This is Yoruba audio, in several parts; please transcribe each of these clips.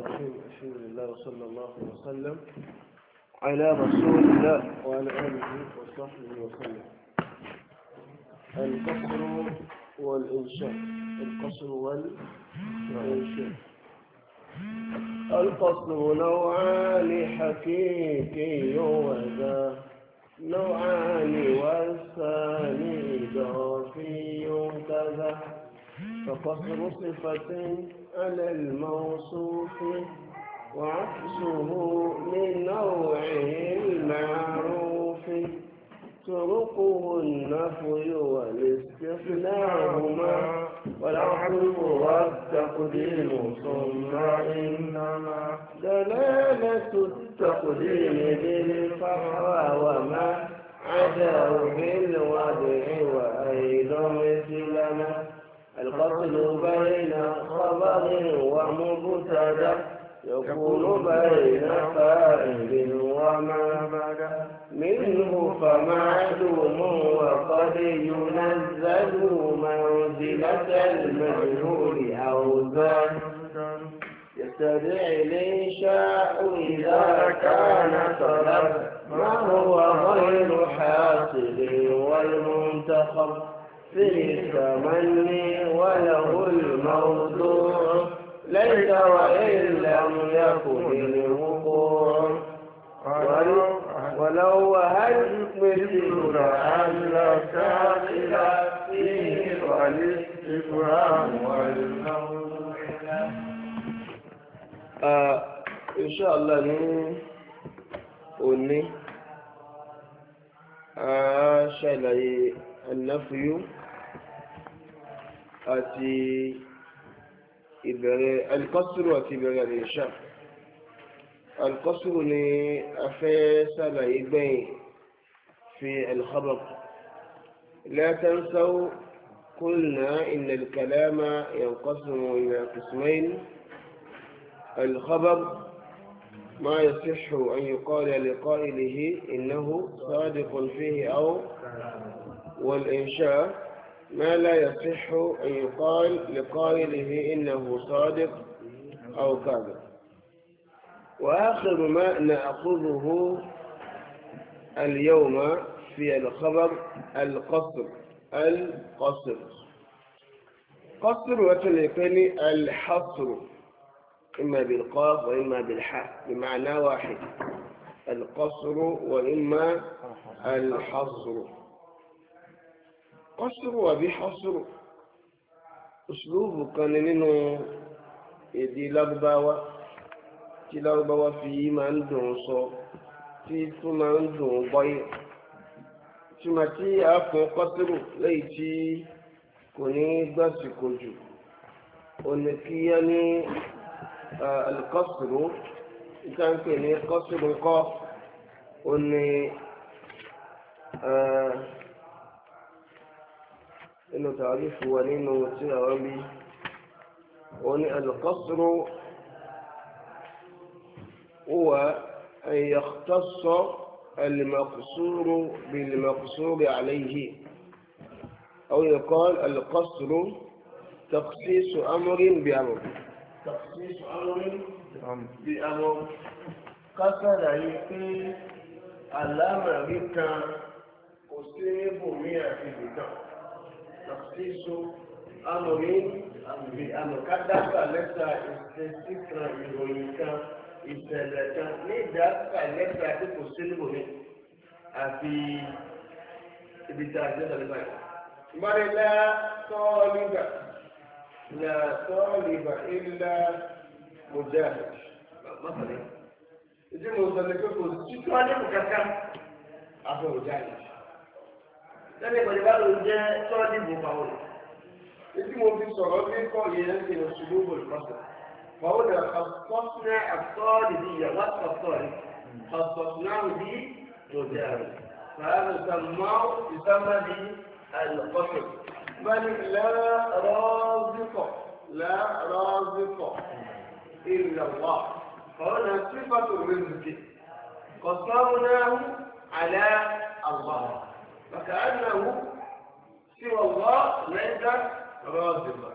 الرحيم الحمد لله وصلى الله وسلم على رسول الله وعلى آله وصحبه وسلم القصر والإنشاء القصر والإنشاء القصر نوعان حقيقي وذا نوعان والثاني إضافي كذا فقصر صفة على الموصوف وعكسه من نوعه المعروف طرقه النفي والاستثناهما والعقل والتقديم ثم إنما دلالة التقديم بالفرع وما عداه بالوضع وأيضا مثلنا القتل بين خبر ومبتدا يكون بين فائد وما بدا منه فمعدوم وقد ينزل منزلة المجهول أو زاد يستدعي الإنشاء إذا كان طلب ما هو غير حاصل والمنتخب للتمني وله الموضوع ليس وإن لم يكن الوقوع ولو وهل مثل أن الكافل فيه والاستفهام والموضوع Inṣáàlá ní òní, a ṣàlàyé àlàfíyú. àti ìbẹ̀rẹ̀ alikọ́sùrù àti ìbẹ̀rẹ̀ àlèṣà alikọ́sùrù ni a fẹ́ sàlàyé gbẹ̀yìn fi alkhabar la tansaw qulna inna alkalama yanqasimu ila qismayn الخبر ما يصح أن يقال لقائله إنه صادق فيه أو والإنشاء ما لا يصح أن يقال لقائله إنه صادق أو كاذب وآخر ما نأخذه اليوم في الخبر القصر القصر قصر وتلقين الحصر إما بالقاف وإما بالحاء بمعنى واحد القصر وإما الحصر ọsùrù àbí ọsùrù òṣùlùbù kan ni nínú èdè lárúbáwá tí lárúbáwá fi máa ń dùn sọ tí tún máa ń dùn bọ́yé túmọ̀ tí a fún kọ́sùrù lẹ́yìn tí kò ní gbàsìkò jù òní kí á ní alikọ́sùrù níta ń pè ní kọ́sùrù kọ́ òní. إنه تعريف ولين وتسير عربي وني القصر هو أن يختص المقصور بالمقصور عليه أو يقال القصر تخصيص أمر بأمر تخصيص أمر بأمر قصر ألا علامة بك أصيب مئة بك تخصيص أمر بأمر قد دفع لك استذكر إيرونيكا ìṣẹ̀lẹ̀ kan ní ìdáàbà lẹ́tà tí kò sí níbo mi àfi ibi tí a ti sọ̀rọ̀ báyìí. Mọ́lẹ́lá sọ́ọ́lìbà là sọ́ọ́lìbà ìlà mọ̀já mọ́sálẹ̀. Ìdí mo sọ pé kò sí tí wọ́n á dẹ́kun kankan lẹ́nu ìpàdébá ló jẹ́ tọ́lá dìbò bàwọ̀ etí mo fi sọ̀rọ̀ ní kọ́ yẹn ní oṣù lóbòlùmọ́sà bàwọ̀ dà kàtọ́sínà àtọ́ọ̀dì ní ìyàwó àtọ́ọ̀dì kàtọ́sínà òbí lòdì àrùn fàáfù sàmọ́ ìsámàdì àlùkọ́sọ̀ bani lẹ́rọ̀ọ́zìkọ̀ lẹ́rọ̀ọ́zìkọ̀ ìlàwà فهنا صفة الرزق قسمناه على الله فكأنه سوى الله ليس رازقا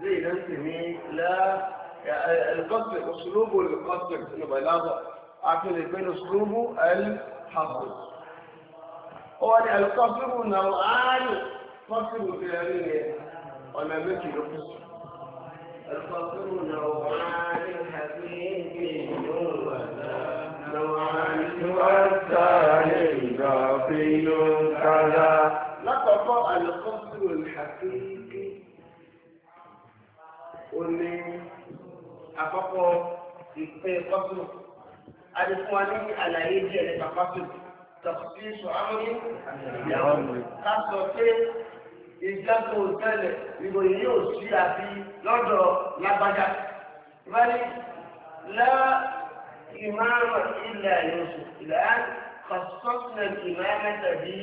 ليه مين لا القصر اسلوبه القصر انه بلاغه اعتقد بين اسلوبه الحصر هو القصر نوعان فصل في هذه ولا ملك القصر القصر نوعان حقيقي نوعان والثاني باطل àkéèké ó ní àkọ́kọ́ ìpè kọ́sùn adìfún wa ní àlàyé díẹ̀ nípa kọ́sùn tọ̀sí sọ̀hámúrí ìyàwó ká sọ pé ìjọ́sọ̀ òtẹ́lẹ̀ ìròyìn yóò sí àbí lọ́dọ̀ lágbájá wálé lá ìmáàmù ilẹ̀ Yusuf ìlànà kọ̀sọ́sìnà ìmáàmù tàbí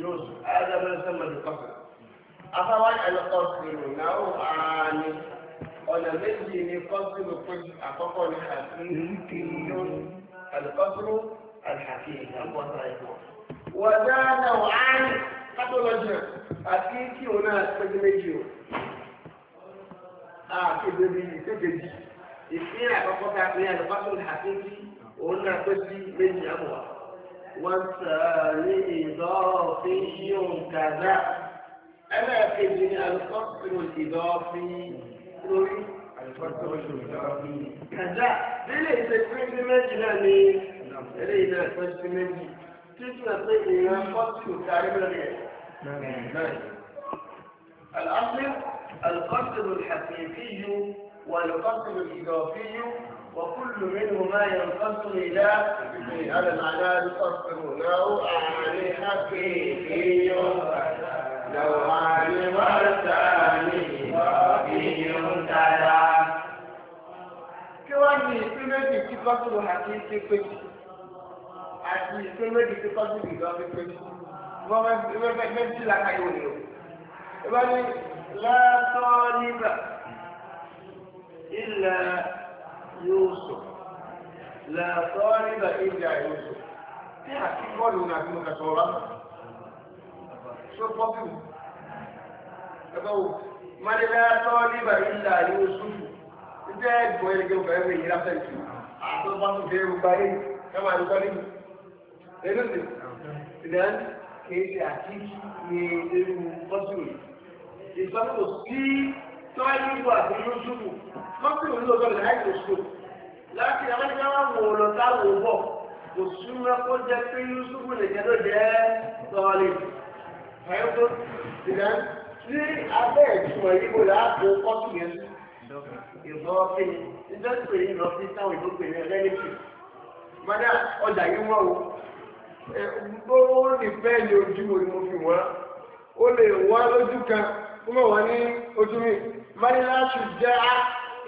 Yusuf ádámẹ́sẹ̀mọ̀lẹ́kọ̀sọ̀. afáwájà ló kọ́sìrò náà á ní ọ̀nà méjì ní kọ́sìrò pé àkọ́kọ́ ní àtúntò àlùkọ́sìrò àlùkàkì àkọ́sà ẹ̀kọ́. wọ́n dáná wà á ní kátólọ́jọ̀ àti kí òun náà péjú méjì o. àkéde bíi ìkékejì ìpín àkọ́kọ́ ká pé àlùkọ́sìrò àkéjì òun náà péjú méjì àmọ́ wa. wọ́n sọ̀rọ̀ ní ìdọ́ọ̀fin yóò kàdá. ألا يقل من الفصل الإضافي الفصل الإضافي لا ليس نعم. فصل مجنى ليس فصل مجنى تسمى طيب إلى فصل تعريب الأصل القصد الحقيقي والقصد الإضافي وكل منهما ينقسم إلى على الأعلى القصد له أعمال حقيقية kí wọ́n ní ìpín méjì tí kọ́sùlù àti ìṣe péjì àti tí mo kà sọ̀rọ̀ ṣó pọ́pù ẹgbẹ́ wò mọ́lẹ́lá tọ́ níbà ìlà yóò ṣùfù ìjẹ́ ẹ̀gbọ́n ẹ̀rẹ́gẹ́ obìnrin mi yìí láfẹ́ ìtù tó bá tún fẹ́ẹ́ rúgbà yìí ẹwà ìgbọ́ nínú ẹnu sì ìdán kìí ṣe àkíkí ní ewu pọ́pù ìsọ́nù sí tọ́lá ìlú àti yóò ṣùfù pọ́pù ìlú ọ̀dọ́ láti amẹ́ríkà wà wò lọ táwọn bọ̀ kò súnmọ́ kó jẹ́ pé yusuf lè jẹ́ ló jẹ́ sọ́ọ́lì ẹ̀kọ́ ìdá sí abẹ́ ìtumọ̀ yìí kò láàbò kọ́tù yẹn ìrọ́pẹ́ ìdọ́sọ̀ yìí ìrọ́pẹ́ táwọn ìlú pè ní ẹlẹ́lẹ́kì mọ́dá ọjà yìí wọ́n o gbogbo nífẹ̀ẹ́ ni ojú mo ni mo fi wọ́n ó lè wá lójú kan fún mọ̀ wọ́n ní ojú mi mọ́ni láti já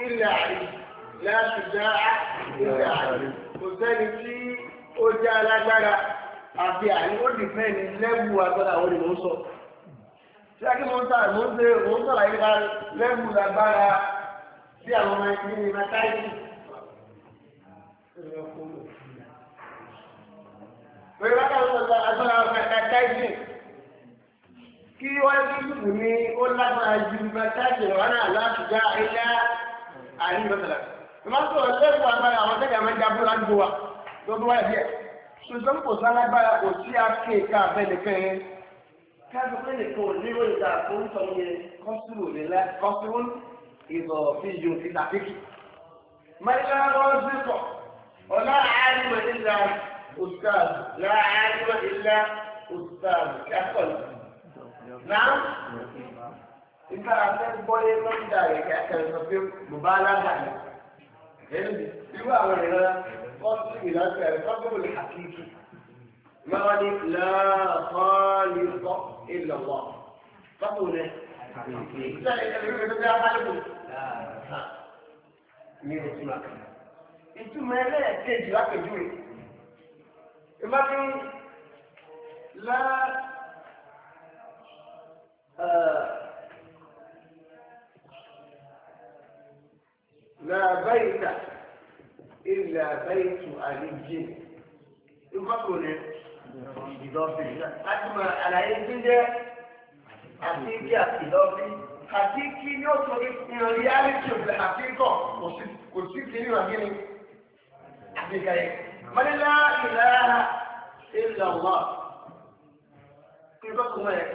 ilẹ̀ àrí láti já ilẹ̀ àrí kò sẹ́ni tí ó já alágbára àti àyè ó ní lẹ́bù agbára àwọn ni mò ń sọ. Ṣé akí ń sàlàyé mo ń ṣe mo ń sàlàyé nípa agbára sí àwọn ọmọ ẹni ní Matáìsì. Pẹ̀lú akáwọn kí wọ́n ní ìlú ní ó lágbára ju Matáìsì rọ̀ náà ẹ̀yà àyè mọ́tàlá. Ìmọ̀ sọ̀rọ̀ lẹ́bù agbára àwọn tẹ́gà máa ṣùgbọ́n kò sálágbára kò sí akéèká abẹ́nifẹ́ yẹn káàdùn pé nìkan ò lérò ìta àkóńtọ̀ yẹn kọ́sùrù nílá kọ́sùrù ìbọ̀ fi yun fi tàbíkì. mẹ́ta wọ́n ti kọ̀ ọ̀la àánú ìlà ustaz la àánú ìlà ustaz kẹ́kọ̀ọ́ náà nígbà afẹ́ gbọ́yé lọ́dà rẹ̀ kẹ́kẹ́ sọ pé bùbá alága ni. ẹ̀rù àwọn ìran. الفصل إلى فعل الحقيقي يعني لا خالق إلا الله قدم لا لا لا خالق آه، من لا انتم لا لا لا لا لا لا لا بيت إلا بيت إيه؟ علي يفكروا ليه؟ إضافي أجمع على إيه حقيقي إضافي حقيقي نوصل إلى رياليتي في الحقيقة وسيب كلمة وهجيني حقيقة من لا إله إلا الله كيف تقول إيه؟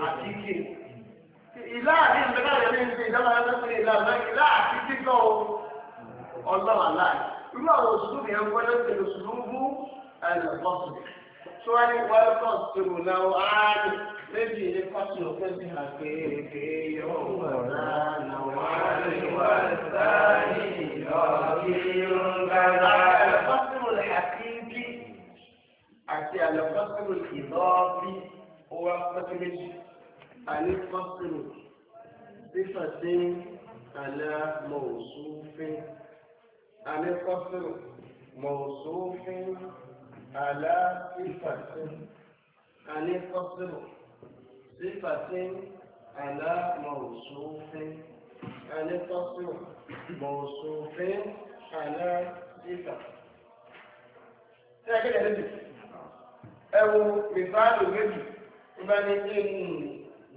حقيقي إله إلا الله يعني إذا ما نقول إله إلا حقيقي ọlọ́run aláì irú àwọn òṣèlú yẹn ń gbọ́dọ̀ pẹ̀lú òṣèlú mú ẹ̀ẹ́dọ̀gbọ́sù tí wọ́n ní wọ́n lọ́kọ̀ tó wò náà áàdì méjì ní pàṣẹ òfin ti hàn pé èké yóò wọ̀ náà nà wọ́n á lè wá sáyé ìlọ́ọ̀kì àti àlọ́fọ́sọ̀rò ìlọ́ọ̀bí owó apẹ́tẹ́ méjì àlẹ́fọ́sọ̀rò sífàtí àlẹ́ mọ̀ọ́sùn fẹ́ẹ́. عن القصر موصوف على صفة عن القصر صفة على موصوف عن القصر موصوف على صفة Ṣé ẹ wo mìfáàlù méjì tó bá ní kí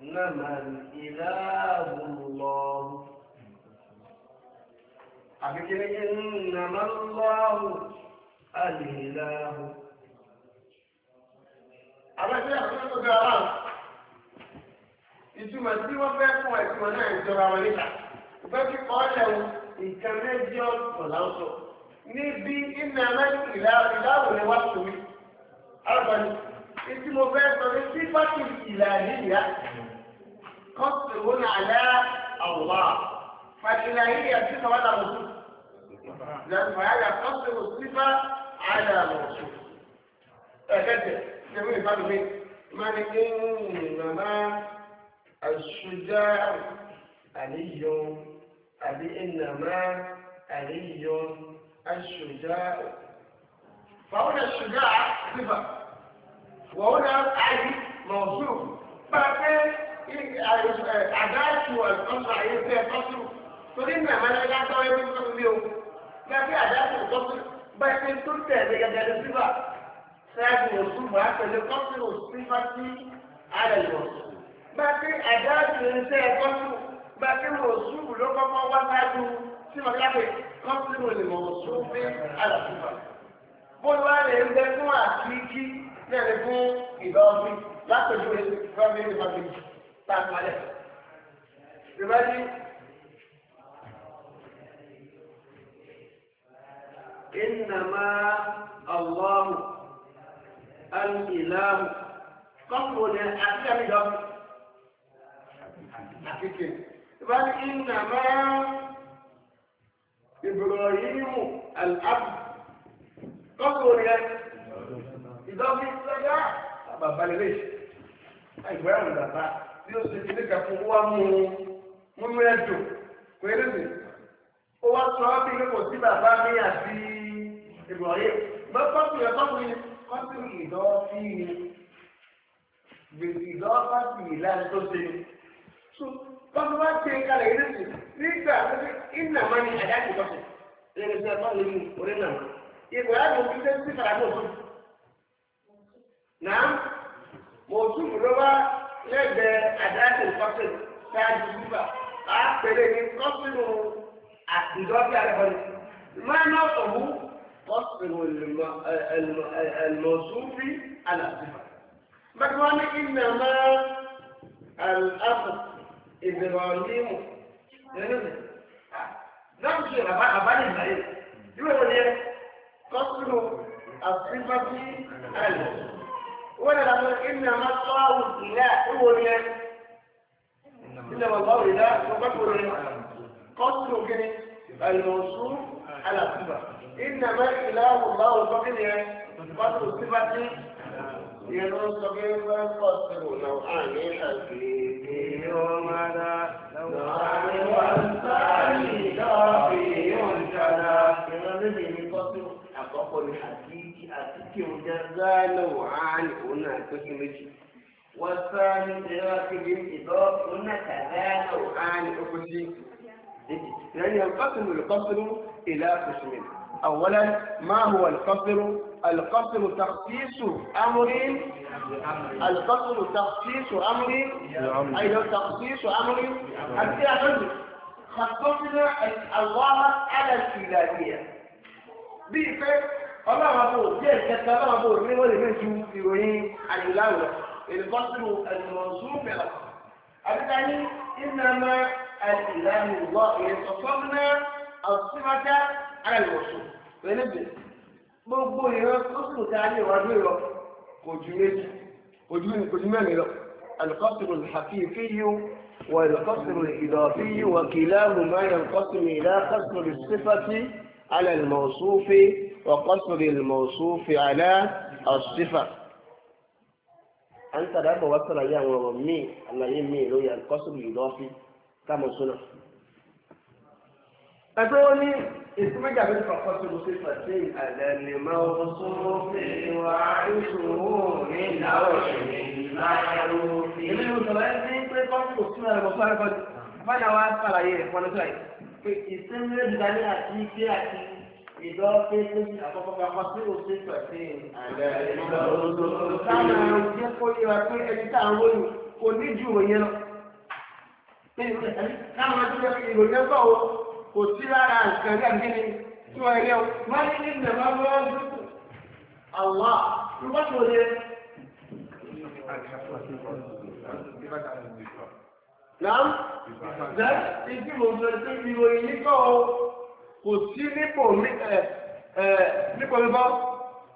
n náà máa ní ìlà àbúrò lọ àbíkiri ìnàmà lọ́wọ́ àlèláwò àbẹ́sẹ̀ àkókò gara ìtumọ̀ tí wọ́n fẹ́ fún ẹ̀tùmọ̀ náà ìjọba wọn níta ìfẹ́ kí kọ́ lẹ́wọ̀n nǹkan mẹ́jọ ọ̀làwọ̀sọ̀ níbi ìnàmà ìláwò lè wá sómi alábàáni ìtí ní sípàtì ìlànà فالإلهية صفة على موصوف لأن فهل يقصر الصفة على موصوف أكدت جميل فعلوا فيه من إنما الشجاع علي أبي إنما علي الشجاع فهنا الشجاع صفة وهنا علي موصوف فكان عدالته والقصر عليه فيها قصر torí ní àmàlà látọ̀ ẹbí tó ń bí o gbàgbé àdáṣe ìtọ́sí báyìí pé tó tẹ̀lé gẹ́gẹ́ ló síbà sẹ́ẹ̀dì òsù bá pẹ̀lú kọ́sì òsì bá sí alẹ́ lọ. gbàgbé àdáṣe iṣẹ́ kọ́sì gbàgbé òsù ló kọ́kọ́ wá sáájú sí màkàbẹ̀ kọ́sì òní mọ̀ òsù bí alàsùnfà. bóyá lè ń bẹ fún àkíkí lẹ́nu fún ìlọ ọdún látọ̀jú rẹ̀ fún ẹgbẹ́ ìfàgbé tààtàlẹ̀. ìrẹ́lí إنما الله الإله قول أكثر لهم بل إنما إبراهيم الأب قول إذا في السجاة بابا ليش أيوة بابا yóò ṣe ilé kẹfọ wá mú un múnú ẹjọ́ pẹ̀lú mi ó wá sọ kò sí bàbá mi àti Ibrahim mẹ́fọ́tù yẹn tọ́kùn yẹn kọ́tù ìdọ́fí ni gbèsè ìdọ́fà sí ìlànà tó ṣe ni. tọ́kù bá ṣe kalẹ̀ yìí lẹ́sìn nígbà iná máa ní àyà ti tọ́sẹ̀ lẹ́nu sí ẹ̀fọ́ lórí orí náà. Ibrahim mo fi sẹ́sí fara mọ́ òtún. Nàá mo tún múlò wá lẹ́gbẹ̀ẹ́ àdáyàtò kọ́tù ṣáájú bíbà. Àá pèlè ní kọ́tù àtìdọ́fí ni. Máa ná ọ̀hún. وصف الموصوف على صفة مكوان إنما الأخذ إبراهيم نمشي ربع أبان إسرائيل إيه؟ يقول لي قصر إيه؟ الصفة على الموصوف ولا نقول إنما الله إله هو إله إنما الله إله وبكر إيه؟ قصر الموصوف على صفة إنما إله الله الفقير قد صفت ينون صغير والقصر نوعان حكيم ومدى نوعان والثاني كافي كذا الذي أقوى الحقيقي نوعان والثاني كذا نوعان إيه؟ يعني إلى قسمين أولا ما هو القصر القصر تخصيص أمر القصر تخصيص أمر أي تخصيص أمر حتى أقول خصصنا الله على الإلهية بيفك الله أبو جيل كتب أبو من ولي من شو يروين عن الأول القصر المنصوب الثاني إنما الإله الله يتصفنا àwòsífàtà ara ìwòsàn pẹ̀lú bẹ̀rẹ̀ gbogbo ìran ó sì ta ní ìwádìí ìrọ kò ju méjì kò ju méjì kò ju mẹ́rin lọ alùpàṣẹ̀rù àfi ìfíyù wọ alùpàṣẹ̀rù ìdọ̀fíyù wọ kìlá mùmáyà kọ́sùmí ìlà kọ́sùmí sífàtì على الموصوف وقصر الموصوف على الصفة أنت رب وصل يا ومي أن يمي لو ينقصر يضافي كما سنة ẹgbẹ́ wọn ní èsì méjì àbí ìfọ̀kọ́ tó lọ sí pàṣẹ àlẹ́lẹ́ máa ń sọ́wọ́ sí wa ìṣòro ní ìdáwọ̀ ìṣẹ̀lẹ̀ láyàrú. èmi ló sọ̀rọ̀ ẹ ní pé kọ́ńtò sí ọ̀rẹ́ bọ̀ fún ẹ̀kọ́ fáyà wá sàlàyé rẹ̀ fún ọdún pé ìsinmi ìdálé àti ike àti ìdọ́ pé pé àkọ́kọ́ bá sí òsè pàṣẹ àlẹ́lẹ́ kò sí lára nǹkan gàgìrì tí wọ́n ilé wọ́n ní ní ìdè máa wọ́n dúkù àwọ̀ rúbọ́ tó lé. Láàm jẹ́ ibi mo sọ pé ìròyìn yìí kọ́ ọ kò sí nípò mi ẹ̀ ẹ̀ nípò mi bọ́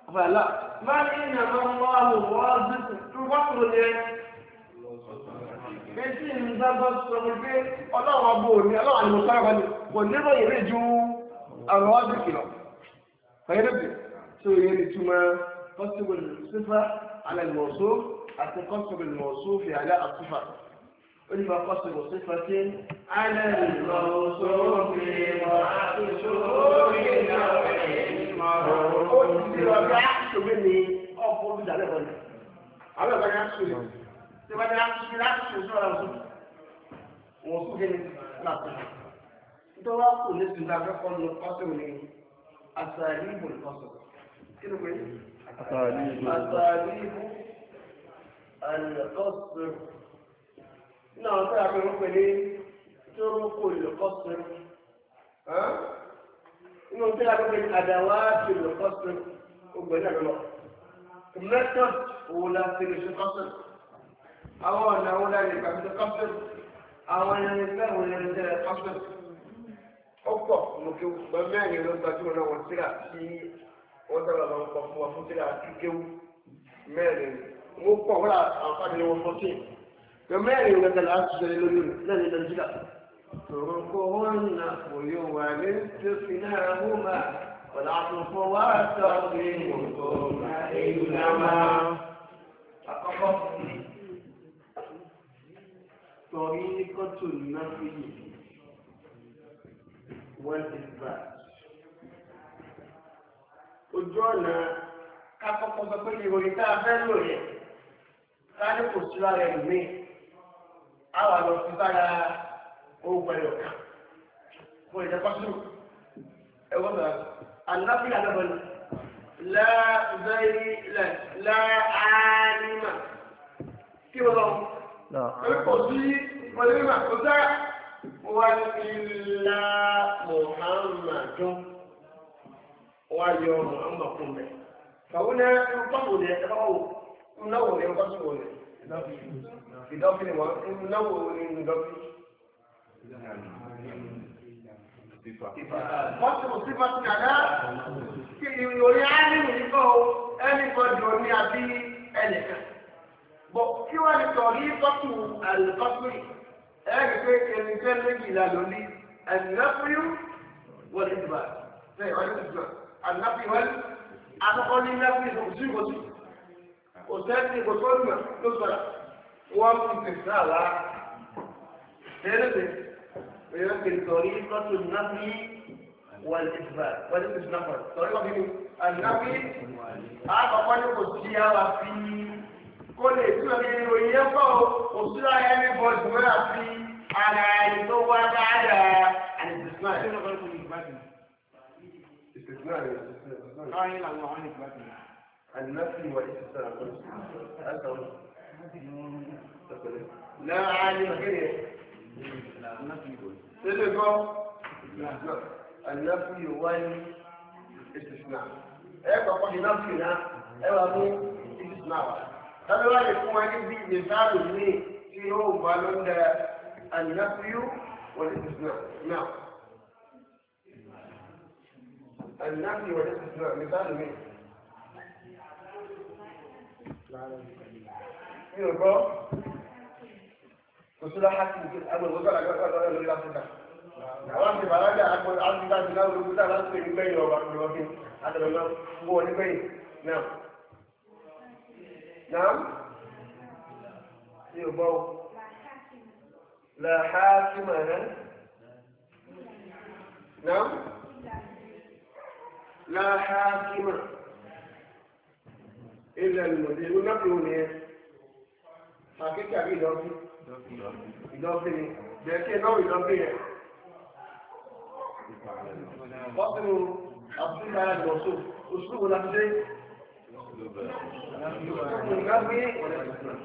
àfàlà. Máa ní ìdè máa wọ́n dúkù rúbọ́ tó lé. Bẹ́sí ní sábà sọ pé ọlọ́run ọgbọ́ òní ọlọ́run àti mọ̀sára wà ní kò nílò ìrè ju àwọn ọdún kìlọ̀. Fẹ́rẹ́bì tí ó yẹ ní túmọ̀ possible sífà alẹ́lùmọ̀só àti possible mọ̀só fi àlẹ́ àtúfà. Ó ní bá possible sífà sí alẹ́lùmọ̀só fi mọ̀ àtúnṣó orí ìyàwó ẹ̀ mọ̀. Ó ti di ọjọ́ àtúnṣe mi ọkọ̀ Você vai virar tirar o senhor azul. Um osso rei na terra. Então lá por nesse lugar quando eu faço o nem asaribo ele faço. Que não é? Asaribo. Asaribo. Al-Qasr. Não, tá bem, eu falei. Turuku al-Qasr. Hã? Não tem a ver com adawat al-Qasr. O banheiro não. Method ou la solution qasr àwọn ọ̀nà wọn láti kàfíńtì kọ́pẹ́tì àwọn irinṣẹ́ àwọn irinṣẹ́ kọ́pẹ́tì ó pọ̀ mo kí wọ́n mẹ́rin ló gbajúmọ̀ náà wọ́n síra tí wọ́n sábà máa ń kọ́ fún wa fún síra kíkéwú mẹ́rin wọ́n pọ̀ wọ́n àǹfààní ni wọ́n fọ́tí mẹ́rin ló gbajúmọ̀ láti sọ lórí lẹ́yìn nàìjíríà. تركهن ويمسكناهما والعطف والترغيب ثم إنما طريقة النفي والإثبات ojú ọ̀nà kákọ́kọ́ sọ pé ìròyìn tá a fẹ́ lò yẹ sáré kò sí lára ẹ̀mí àwọn àlọ́ sí sára ogun ẹ̀yọ̀ kan fún ìjẹ́kọ́sù ẹ̀wọ́ sọ̀rọ̀ àlùfáà lọ́bọ̀ ni láàbẹ̀rẹ̀ láàánìmà kí wọ́n lọ́wọ́. Kò sí mọ̀lẹ́mà kò sára. Wà ilá Mùhàmmadu. Wà yọ Mùhàmmadu kún bẹ̀. Kàwọn náà ń pàpò ní ẹ̀ka wò. Náwó ni ń pàpò wò ní. Ìdọ́fì ni wọ́n ń náwó ní ìdọ́fì. Mọ́tò sífàtì kàdá. Kí ni orí á nínú ìkọ́ ẹnì kan jọ bọ̀ kí wọ́n ní sọ ní tọ́tù àlùfọ́sùn ẹ̀rí pé ẹni jẹ́ méjìlá lóní ẹ̀nìyàfúyú wọ́n ní ìgbà bẹ́ẹ̀ wọ́n ní ìjọ àlùfáfíwọ́n akọ́kọ́ ní lápí ìṣòkòsí ìkòsí òṣèlú ìkòsí ọ̀nà ló sọ̀rọ̀ wọ́n fi pèsè àlá tẹ́lẹ̀ èèyàn kì í sọ̀rí tọ́tù náfí wọ́n ní ìgbà wọ́n ìgbà sọ̀rí wọ́n fi àlùfáfí àkọ́kọ́ ní kò sí àwà fi kó lè túnbọ̀ ní ìròyìn yẹn pọ̀ kò sí láyé ní bọ́ọ̀dù mọ́ àti ara ẹni tó wá dáadáa àti ìsìnkú náà. ìsìnkú náà ni ìsìnkú náà. káyọ̀ làwọn àwọn ìgbà tó yà. النفي والاستثناء لا عالم غير تلقى النفي والاستثناء ايه بقى نفينا ايه بقى استثناء kalwa da kuma gidi misalin ne shi yau malon da annafiyu wani islam na annafiyu wani islam misalin ne يرضى وصل حتى يمكن أول وصل على قرار ولا ولا فتا نعم بقى لا أقول عندي بعد لا ولا لا لا تقول بينه وبين هذا هو اللي بين نعم نعم يبو إيه، لا حاكم حاكم نعم لا حاكم إلا المدير نقلوني حقيقة إضافي إضافي لكن نوع إضافي فصل أصلها الموصوف أسلوب نفسي النفي والاستثناء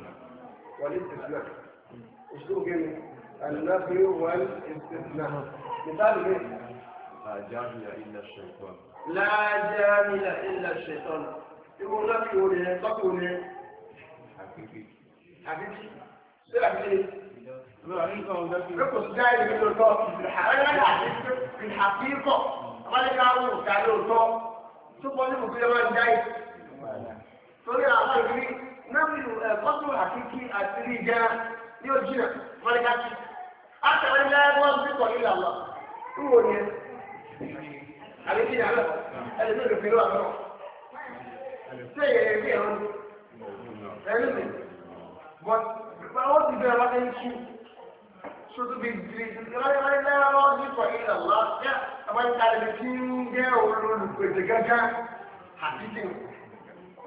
اسلوب جميل النفي والاستثناء مثال ايه لا جامل الا الشيطان لا جامل الا الشيطان يقول نفي ولا تقول حقيقي حقيقي سلاح ليه ركز دايما في الوطاء في الحقيقة لك عمو تعالي الوطاء شوف مالك مكلمان دايما torí àwọn ìrírí nẹ́mìlú ẹ̀fọ́tò àkíkí àti rí ìjẹra ní ojú rẹ̀ mọ́lẹ́kàtì. Àtàwọn ilé ẹgbẹ́ ọ̀sìn kọ̀ nílà lọ. Ń wò ni ẹ? Àbí kí ni àlọ́? Ẹlẹ́mi ò lè fi lọ àlọ́. Ṣé ìyẹn ẹgbẹ́ ẹ̀rọ ni? Ẹlẹ́mi. Bọ̀t báwo ti bẹ̀rẹ̀ wá ní ṣú? Ṣoṣo bí ìdílé ìdílé ilé ẹgbẹ́ ọ̀sìn kọ̀ nílà lọ. Ṣé àwọn ìtàlẹ̀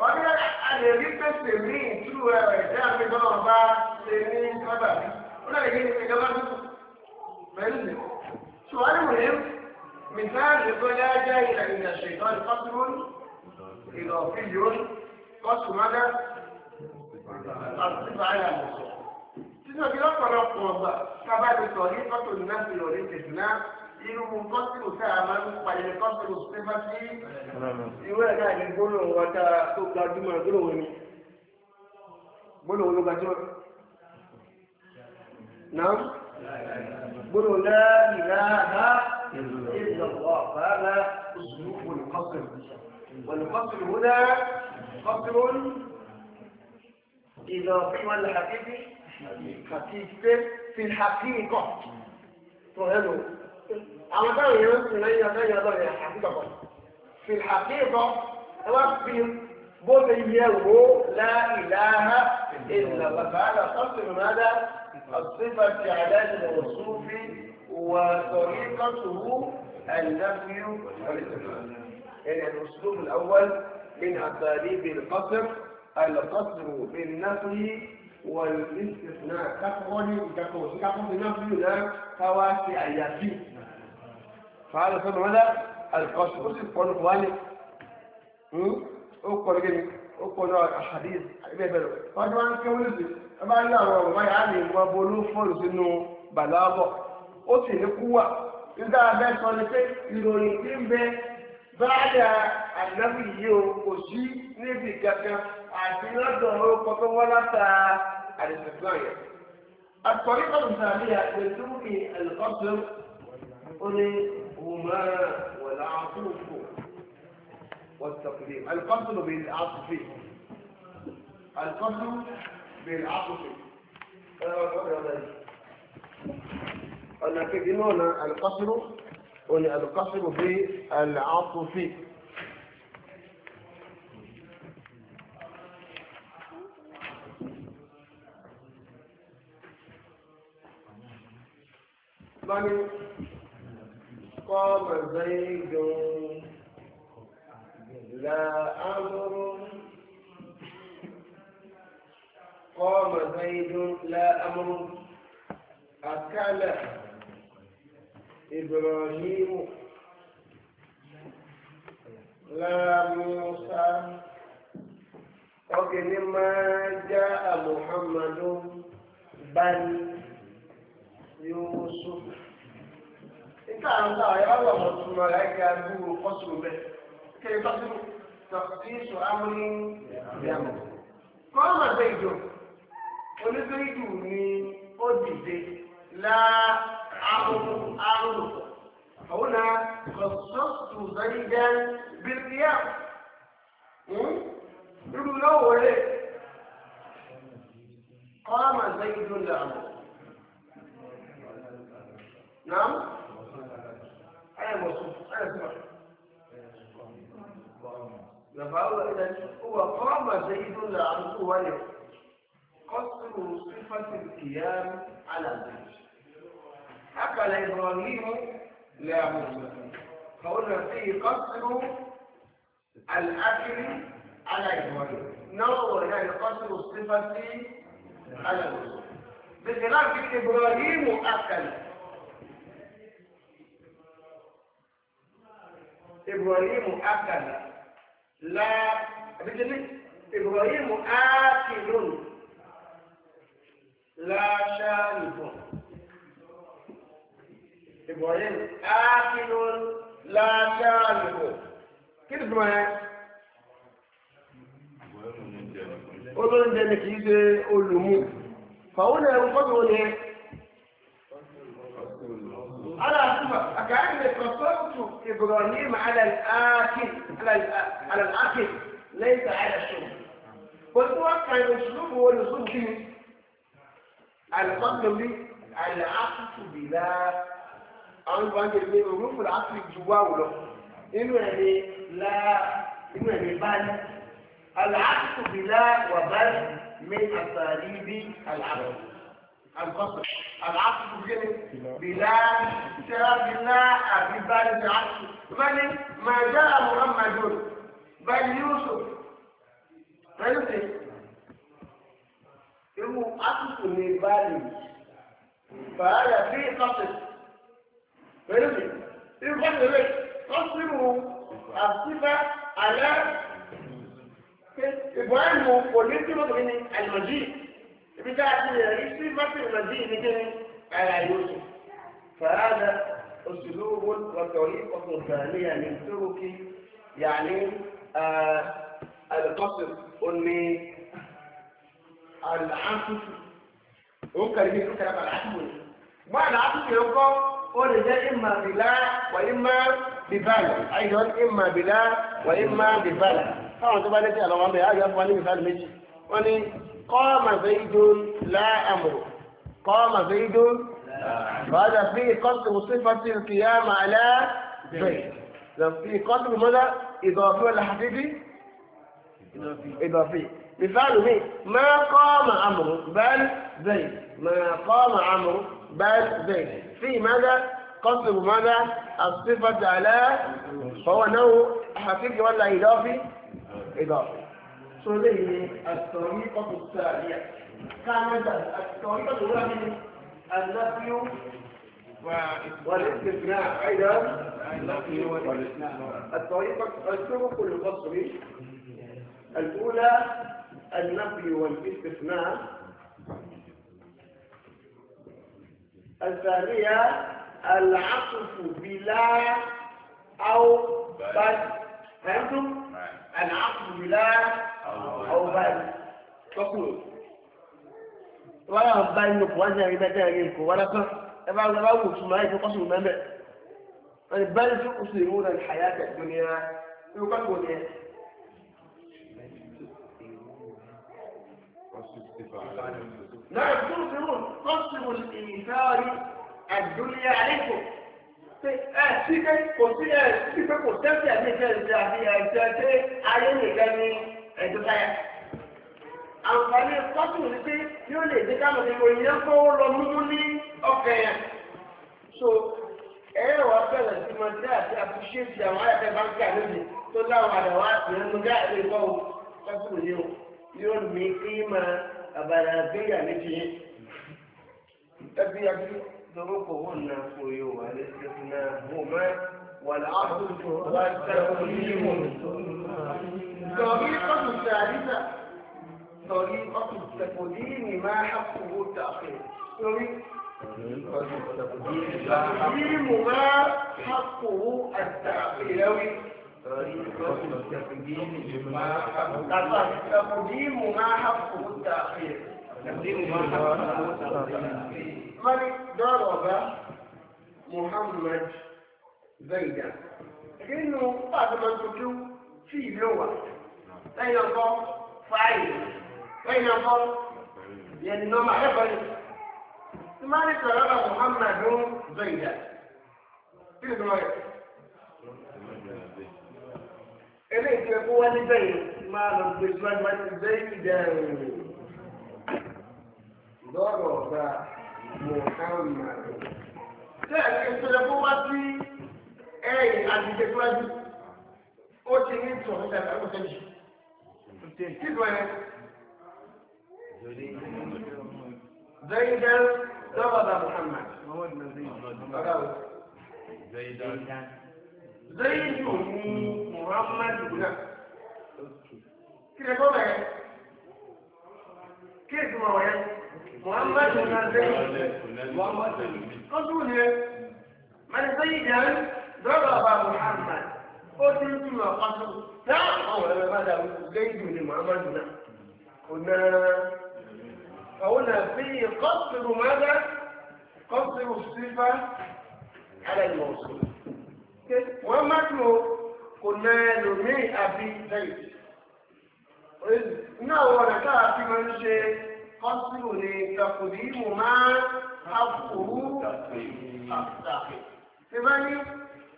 ọdún àlè rí pèsè mí ìtúrú ẹ̀rọ ìdá àgbẹ̀dọ́ ọba ṣe ní sábà mi ó náà lè ní ìjọba tó pẹ̀lú mi. ṣùgbọ́n mo ní mìtáàlì tó yá já ìlà ìlà ṣètò ìfọ́sùnmọ́ ìlà òfin yòó kọ́sùmọ́dá àti bàálà mọ̀sọ̀. títí òbí lọ́pọ̀lọpọ̀ ọgbà sábà ti sọ̀rí fọ́tò náà ti rọ̀rí tètè náà. irúgbọ́sílù tá a máa ń pàdé kọ́sílù sífà sí irú ẹ̀ náà ní gbólóhùn wa tá a tó gbajúmọ̀ gbólóhùn ni gbólóhùn ló gbajúmọ̀ náà gbólóhùn náà ìlànà إلا الله فهذا أسلوب القصر والقصر هنا قصر إضافي ولا حقيقي؟ حقيقي في الحقيقة فهموا على بال يمكن أن يكون هذا في الحقيقة في الحقيقة ربي بطي له لا إله إلا الله تعالى قصر ماذا الصفة في علاج الوصوف وطريقته النفي والاستثناء. يعني الأسلوب الأول من أساليب القصر القصر بالنفي والاستثناء كفر كفر كفر بنفي لا كواسع يفيد فهذا سبب هذا القصد بس يقول اخواني اقول جني اقول الحديث بيبل فاجمع كولز ما لا ما يعني ما بولو فول سنو بلاغه ó sì ní kúwà nígbà abẹ́ sọ ni pé ìròyìn tí ń bẹ báàdà ànábì yìí o kò sí níbi kankan àti lọ́dọ̀ orúkọ tó wọ́n láta àdìsẹ̀gbọ́n yẹn. àtọ̀rí kan sàlẹ̀ àpèjúwe ẹ̀lẹ́kọ̀tún ó ní. الحكمى والعطوف والتقديم القتل بالعطف القتل بالعطف أنا في دينونا القصر وني القصر في العطف زيد لا أمر قام زيد لا أمر أكل إبراهيم لا موسى وكن ما جاء محمد بل يوسف káàntà ayọ́lọ̀ mọ̀túnmọ̀ láìka gbúrò kọ́sùrù bẹ́ẹ̀ kí ni kọ́sùrù tọ̀kísù amúlí ìyàmù. kọ́ọ̀mà gbẹ̀jọ onígbẹ̀jù ni ó dìde láà àrùn àrùn òun náà kọ̀sọ́sù zẹ́yìndẹ́ bíríyà irú lọ́wọ́ rẹ̀ kọ́ọ̀mà gbẹ̀jọ Nam? أنا مسؤول أنا سمعت يبقى إذا هو قام زيد لعنه ولد قصر صفة القيام على الزيت أكل إبراهيم لا موسى فقلنا فيه قصر الأكل على إبراهيم نظر إلى قصر الصفة على موسى بخلاف إبراهيم أكل ibrahim akala la abidjani ibrahim akilun la sharibun ibrahim akilun la sharibun kí ni tuma yẹn. olóńjẹ ni kì í ṣe olùmú fàwọn ẹ̀rù kọ́bí wọn ni. على صفة أكأني قصرت إبراهيم على الآكل على على الأكل ليس على الشرب وتوقع الأسلوب هو الأسلوب به القصد به العطف بلا أنا بانجي بيه وروف العطف جواه إنه يعني لا إنه يعني بل العقل بلا وبل من أساليب العطف البصر العصر بجنة بلاد شراب الله في بلد العصر بل ما جاء محمد بل يوسف فهمت irú àtúntò ní báyìí fàárà bí ìkọ́sẹ̀ pẹ̀lú ìkọ́sẹ̀lẹ̀ kọ́sìmù àtúntà alẹ́ ìbọn ẹ̀mú kò ní tí wọ́n tó ní àjọ̀dí. ibi tá a فهذا أسلوب وطريقة ثانية من سلوك يعني آه القصد أن العفو ممكن يجي كلام العفو معنى العفو يقول قول ده إما بلا وإما ببلا أيضا إما بلا وإما ببلا طبعا تبقى نتيجة لو عم بيها يفعل مثال ميجي وأني قام زيد لا أمر قام زيد هذا فيه قصد صفة القيام على زيد فيه قصد ماذا إضافي ولا حقيقي إضافي مثال مين ما قام أمر بل زيد ما قام أمر بل زيد في ماذا قصد ماذا الصفة على فهو نوع حقيقي ولا إضافي إضافي سليم الطريقة الثانية كانت الطريقة الأولى من النفي والاستثناء أيضا النفي والاستثناء الطريقة الطرق القصر الأولى النفي والاستثناء الثانية العطف بلا أو بل فهمتم؟ العقل بلا ọwọ́ báyìí tọ́kùn wọ́n náà bá inú kò wájú àrí bẹ́ẹ̀ tẹ́lẹ̀ nǹkan wọ́n dákọ́ ẹ bá wọ́n bá wù sùn láì fún kọ́sùn mẹ́mẹ́ wọ́n bá ní fún kùsùn ìwú náà àyà àtẹ̀jọ́ ní ara ní wọ́n kọ́kùn náà kúrò sí wọn kọ́sùn ìsáárì àdúlé àlékún ẹ sí kò sí ẹ sí kò tẹ́sí àti ìfẹ́ ìfẹ́ àti ìfẹ́ ayé nìkan ni. e àǹfààní pọ́tù ní pé yóò lè dé káàmù ní oyin náà kó lọ múmú ní yẹn. so ẹ yẹ bẹ̀rẹ̀ sí máa dá àti àfiṣẹ́sì àwọn àyàfẹ́ bá ń kà lóde tó láwọn àdàwọ̀ àti ẹnu gáàdì kọ́ ọ pọ́tù yìí o yóò mí kí máa àgbéyà méjì ẹbí abí kò wọ́n náà yóò wà lẹ́sẹ̀ náà máa. والعرض والتقليم طريقة الثالثة طريقة التقديم ما حقه التأخير تقديم ما حقه التأخير تقديم ما حقه التأخير تقديم ما حقه التأخير من ضرب محمد zẹ̀yìndà nínú pàtàkì tí ìlú wà lẹ́yìn ọkọ fáyì lẹ́yìn ọkọ yẹn nọ́mà na tí máa ní sọ̀rọ̀ muhammadu rẹ̀ kó wá ní máa lọ lọ́rọ̀ ẹ̀yìn àdìgbè síwájú ó ti ní tọ̀ ní ṣàkà ó ṣe jù kíkọ ẹ. Zaidan Zawada Muhammad. Zaidan. Zaidu Muhammad Buna. Kíkẹ́ kọ́ bẹ̀rẹ̀. Kíkẹ́ kọ́ bẹ̀rẹ̀. Muhammad Buna Zaidu. Muhammad Buna Zaidu. Kọ́tù ni ẹ. Mẹ́rin Zaidan. dọ́lọ́ba muhammad ó ti ń tún ọ̀pá tó táà àwọn ẹ̀rọ bá dàrú lẹ́yìn òní muhammad náà na náà àwọn àfi kọ́sìrù mọ́gá kọ́sìrù sífà alẹ́ ọ̀sùn. wọ́n má tún o kò náà lòmíì àbí lẹ́yìn.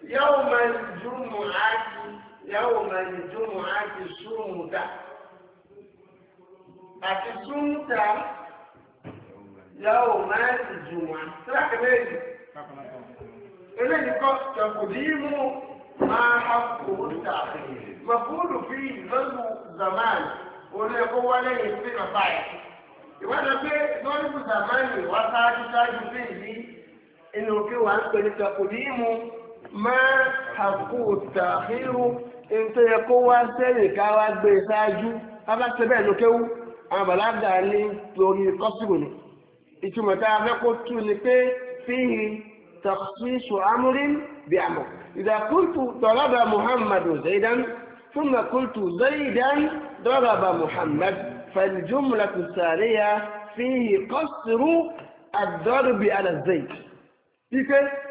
يوم الجمعة يوم الجمعة سمتا àti súnmùtà yàwó máa ń jùmọ̀ àtúrà méjì. eléyìí kọ́ tẹ̀kùdìmù máa ha kòwò tààrí. mọ̀kúrù fi ìlọ́lù zamani olú ẹ̀kọ́ wá lẹ́yìn sí bàbá yìí. ìwádìí pé lọ́lù zamani wá sáájú sáájú sí ìlú inú kí wàá ń pè ní tẹ̀kùdìmù máa àkó tàhírù nítorí yẹ kó wá sẹ́yìn ká wá gbé e ṣáájú abáṣe bẹ́ẹ̀ ló kéwú àwọn bàlágà ní torí kọ́sìmù ni ìtumọ̀ tá a fẹ́ kó tú ni pé fíhi tàkṣíṣù amúrín bí àmọ̀ ìdàkúntù tọ́lábà muhammadu zaidan ثم قلت زيدا ضرب محمد فالجملة الثانية فيه قصر الضرب على الزيت.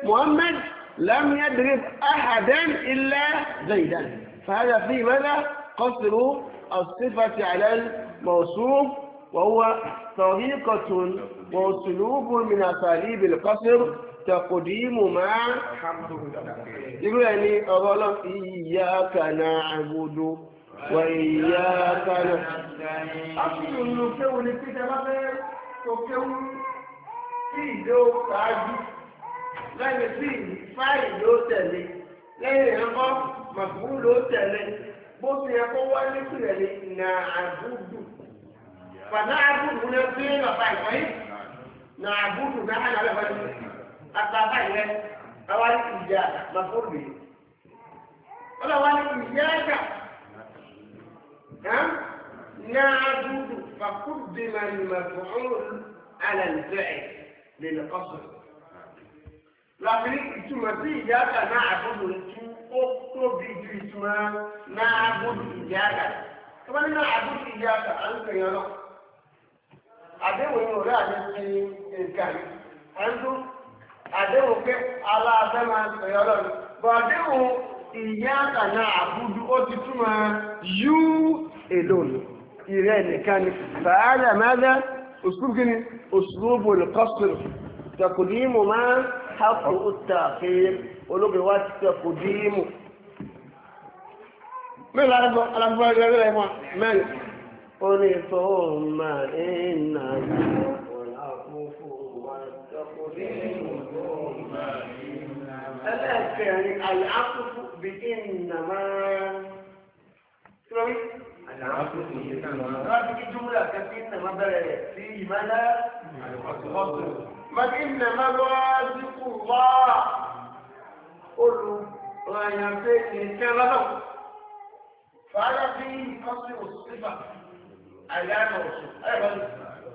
Muhammad لم يدرس أحدا إلا زيدا فهذا فيه ماذا قصر الصفة على الموصوف وهو طريقة وسلوب من أساليب القصر تقديم ما يقول يعني أظلم إياك نعبد وإياك نستعين أصل النكون كده بقى تكون في جو تعجب lẹ́yìn sí fáì ló tẹ̀lé lẹ́yìn ẹ̀kọ́ màkú ló tẹ̀lé bó ti yẹ kó wá ní tìrẹ̀ ní nà àbúdù fàná àbúdù ní ọdún yẹn lọ́ba ìfọ̀ yìí nà àbúdù náà hàn lọ́ba ìfọ̀ yìí àtàbà yẹn àwa ní ìjà màkú rè wọ́n lọ́wọ́ ní ìjà ẹ̀ka nà àbúdù fàkúndìmọ̀ ní màkú ọ̀hún alẹ́ ẹ̀ lè lọ́kọ́sọ̀rọ̀. láti ìtumọ̀ sí ìjà àgbà náà àgbọ̀dọ̀ ju ó tóbi ju ìtumọ̀ náà àgbọ̀dọ̀ ìjà àgbà. Tọ́ba nínú àgbọ̀dọ̀ ìjà àgbà à ń Àdéhùn ìwọ̀n rẹ̀ àti ti nǹkan yìí. À àdéhùn pé aláàbẹ̀ máa ń Bọ̀ àdéhùn ìyá àgbà náà àgbọ̀dọ̀ ó ti túmọ̀ yú èlò ìrẹ́ nìkan الحق التأخير ولغة تقديم من العرب العرب العرب العرب من قل ثم إن العطف يعني بإنما العطف بإنما هذه الجملة كانت إنما بلا يأتي ماذا؟ العطف bàtí ìnàmà lọ́wọ́ sí kù wá olùrànyànfẹ́ nìkan lọ́nà fàálà bí ìkọ́sí òṣìṣẹ́fà àyànà ọ̀ṣun ẹ̀rọ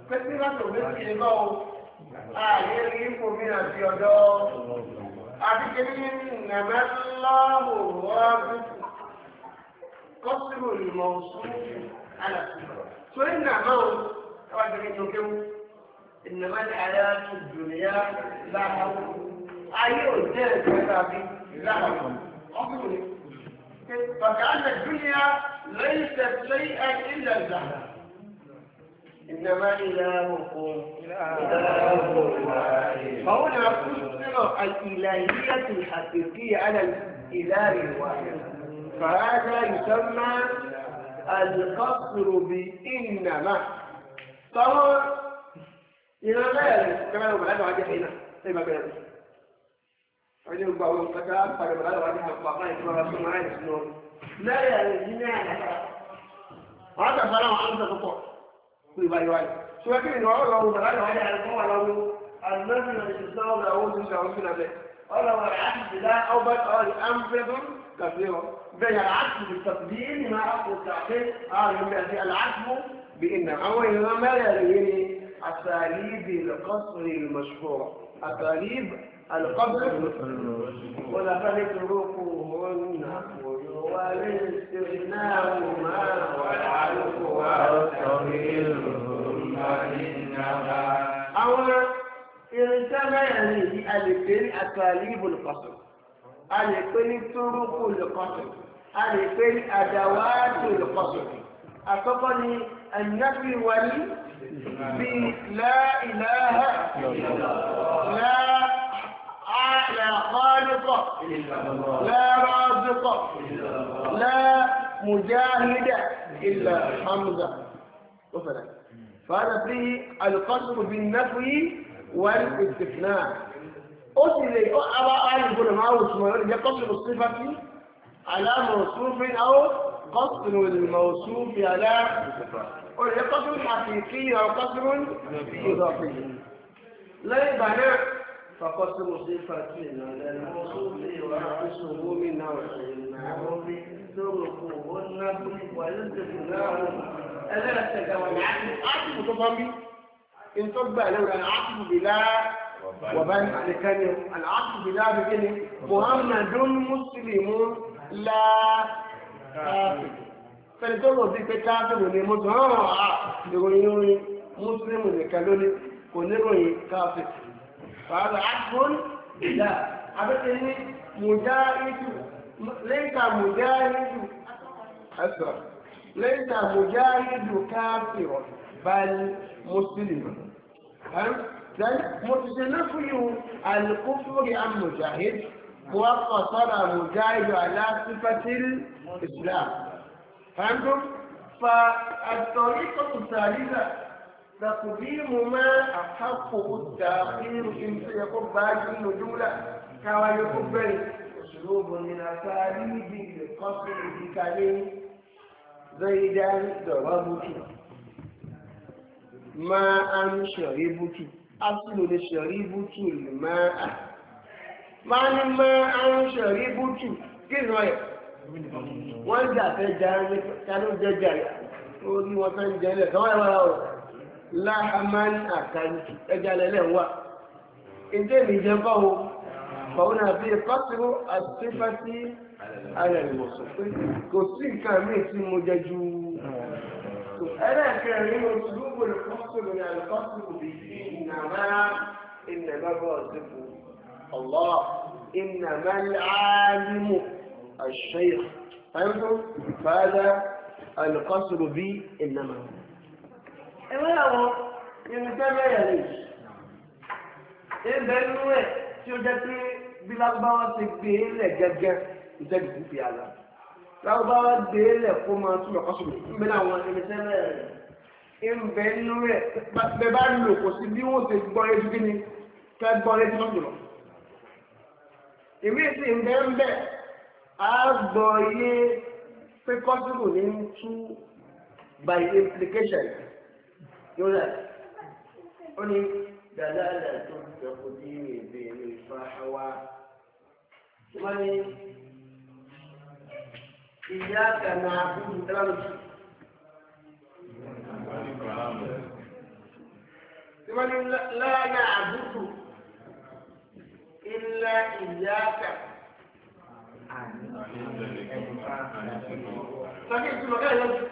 pẹ́sí láti òmìnirí ṣe bá o ààyè mi àti إنما الحياة الدنيا لهو أيوة ذلك كتابي لا فكأن الدنيا ليست شيئا إلا الزهرة إنما إلهكم إله واحد فهنا الإلهية الحقيقية على الإله الواحد فهذا يسمى القصر بإنما فهو إلى ذلك كما لو بلاد وعدي حينا أي ما بلاد أي ما بلاد وعدي حينا فقال بلاد وعدي حينا فقال إسمع رسول معي بسنون لا يا جميعنا هذا سلام عن ذا فطور كل باري واي شو أكيد إنه أول أول بلاد وعدي حينا فقال الله من النبي من الإسلام لا أول من شعور فينا به قال والعهد لا أبد أول أنفذ كثيرا بين العكس بالتطبيل ما أقول تعقيد قال آه، يمي العكس بإنه أول ما لا يريني أساليب القصر المشهورة أساليب القصر ودخلت ركوهن والاستغناهما ما والعلق إنما أولا ارتبعني ألفين أساليب القصر ألفين طرق القصر ألفين أدوات القصر أتقني النفي والي لا إله إلا الله لا لا خالق لا رازق لا مجاهد إلا حمزة مثلا فهذا فيه القصد بالنفي والاستثناء قلت لي أرى أهل يقول ما هو اسمه ده قصد الصفة على موصوف أو قصد الموصوف على olè kọ́sùrù àti ìfi ọ̀rọ̀ kọ́sùrù ìdọ̀fì lẹ́yìn ìgbà náà fọkọ́sùrù sí fàtí ìrọ̀lẹ́nu ìṣòwò mi náà ìrìnàwó lórí kò ó ná bí wà lóṣèlú náà ẹlẹ́rẹ̀ẹ́sẹ̀ gbàwọ̀ ní àtìkù tó bọ́ bí in tó gbà lẹ́wọ̀ ní àtìkù bí lára wọ̀bá bí lára bí kíni muhammadun muslimun láà pẹ̀lú tó mọ̀ sí pé káàdùn ní mọ́tò hàn á ìròyìn orin mùsùlùmù nìkan lónìí kò níròyìn káàfin fàálà àtúntò ìlà abẹ́tẹ̀ ní mùjáàrídù lẹ́yìn mùjáàrídù ẹ̀sọ̀ lẹ́yìn mùjáàrídù káàfin báyìí mùsùlùmù dan mutasanafiyu al-kufri an mujahid muwaqqata mujahid ala sifatil islam فهمتم؟ فالطريقة الثالثة تقديم ما أحقه التأخير إن سيكون باقي نجولة كما يكون بين أسلوب من أساليب القصر بكلمة زيدا ضربك ماء شربك أصل لشربك الماء معنى ماء شربك كيف wọ́n ń jà fẹ́ jà ní kánú jẹjà ó ní wọ́n fẹ́ ń jẹ ilẹ̀ kọ́wọ́ ẹ̀wọ̀n o láhàmán àkàǹtì ẹja lẹ́lẹ̀ wà ìdí èmi jẹ bọ́ o fọwọ́n náà fi pàṣípò àtúnfàṣí alẹ́ ìwọ̀sọ̀ pé kò sí nǹkan míì tí mo jẹ ju ẹlẹ́ẹ̀kẹrin mo ti dúró lè kọ́sùrù ní àlùkọ́sùrù bí ìnàmá ìnàmá bọ́ọ̀ ọ̀lọ́ ìnàmá الشيخ فهمتم فهذا القصر بي إنما ẹ̀wọ́n àwọn irinṣẹ́ mẹ́rin lè ẹ̀bẹ̀ inú ẹ̀ tí ó jẹ́ pé bí lágbáwá ti gbé e lẹ̀ gẹ́gẹ́ ìjẹ́ ìdìbò fi àlà lágbáwá gbé e lẹ̀ kó máa túnbọ̀ kọ́sùn ìbẹ̀ náà àwọn irinṣẹ́ mẹ́rin ẹ̀bẹ̀ inú ẹ̀ bẹ́ẹ̀ bá lò kò sí bí wọ́n ti gbọ́ ẹjú kí ni ká gbọ́ ẹjú lọ́dún lọ. ìmí ìsìn ń bẹ́ẹ̀ ń bẹ́ẹ̀ àgbọ̀ ilé pé kọ́sìmù ní ń tú by implication yóò rẹ̀ ó ní dàdáàdà tó ń tẹ̀kọ́ sí ìbéèrè ìfàhàwà wọ́n ní ìyá kàná àbúrò dáńtì. wọ́n ní láyà àbúrò ilá ìyá kàná. Sọ́kè ìtumọ̀ káyọ̀ lọ́jọ́.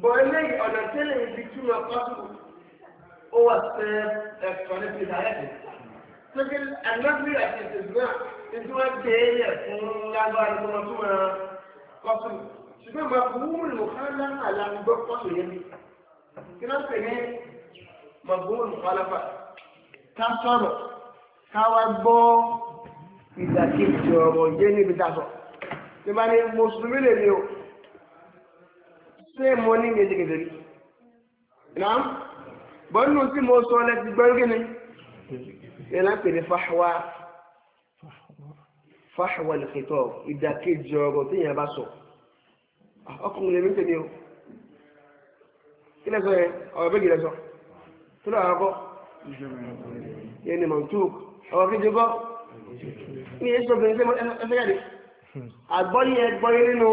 Bọ̀ eléyìí ọ̀nà tẹ́lẹ̀ ibi túmọ̀ kọ́tù ó wà sẹ́ ẹ̀kọ́ níbi ìdáyẹ̀dẹ̀. Sọ́kè ànábì àti ìṣègùn náà ètò wọn jẹ́ ẹ̀yẹ fún lágbára ìgbọ́n tó máa kọ́tù. Ṣùgbọ́n màá bu wúlò kálá àlàgbọ́ kọ́tù yẹn. Kí ló ń pè ní màá bu wúlò kálá ká sọ̀rọ̀ ká wá gbọ́ ìdàkejì ọ̀rọ̀ yé níbi dáṣọ tí bá ní mùsùlùmí lè ní o ṣé mo ní gẹ̀dẹ̀gẹ̀dẹ̀ rí náà bọ́nù tí mo sọ lẹ́ti gbẹ́rúgẹ́ ni ìlà ń pè ní fáwá fáwá lẹ́kẹ̀tọ̀ ìdàkejì ọ̀rọ̀ tí yẹn bá sọ ọkùnrin lèmi tèmi o kí lẹ́sọ yẹn ọ̀rọ̀ bẹ́ẹ̀ lẹ́sọ tó lọ́wọ́ àkọ́kọ́ yẹn ní èso obìnrin tí ẹsẹ̀ jáde àgbọ́yé nínú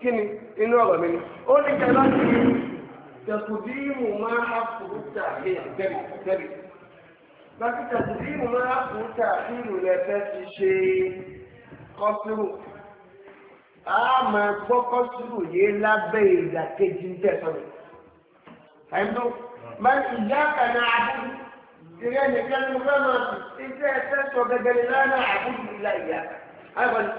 kí ni nínú ọ̀rọ̀ mi ni ó ní kí ẹ bá ti tẹ̀kùdíìmù máa ha fòrúta ní àgbẹ̀rẹ̀ àgbẹ̀rẹ̀ láti tẹ̀kùdíìmù máa ha fòrúta nínú lẹ́fẹ́ ti ṣe kọ́sírù a máa gbọ́ kọ́sírù yé lábẹ́ ìdàkejì ń tẹ̀sán mi. àìmọ́ máa ń ìyá kan náà ìrẹ́ nìkan ní mo fẹ́ máa fi iṣẹ́ ẹsẹ̀ sọ gẹ́gẹ́rẹ́ lánàá àbúrò ilá ìyá àbọ̀lì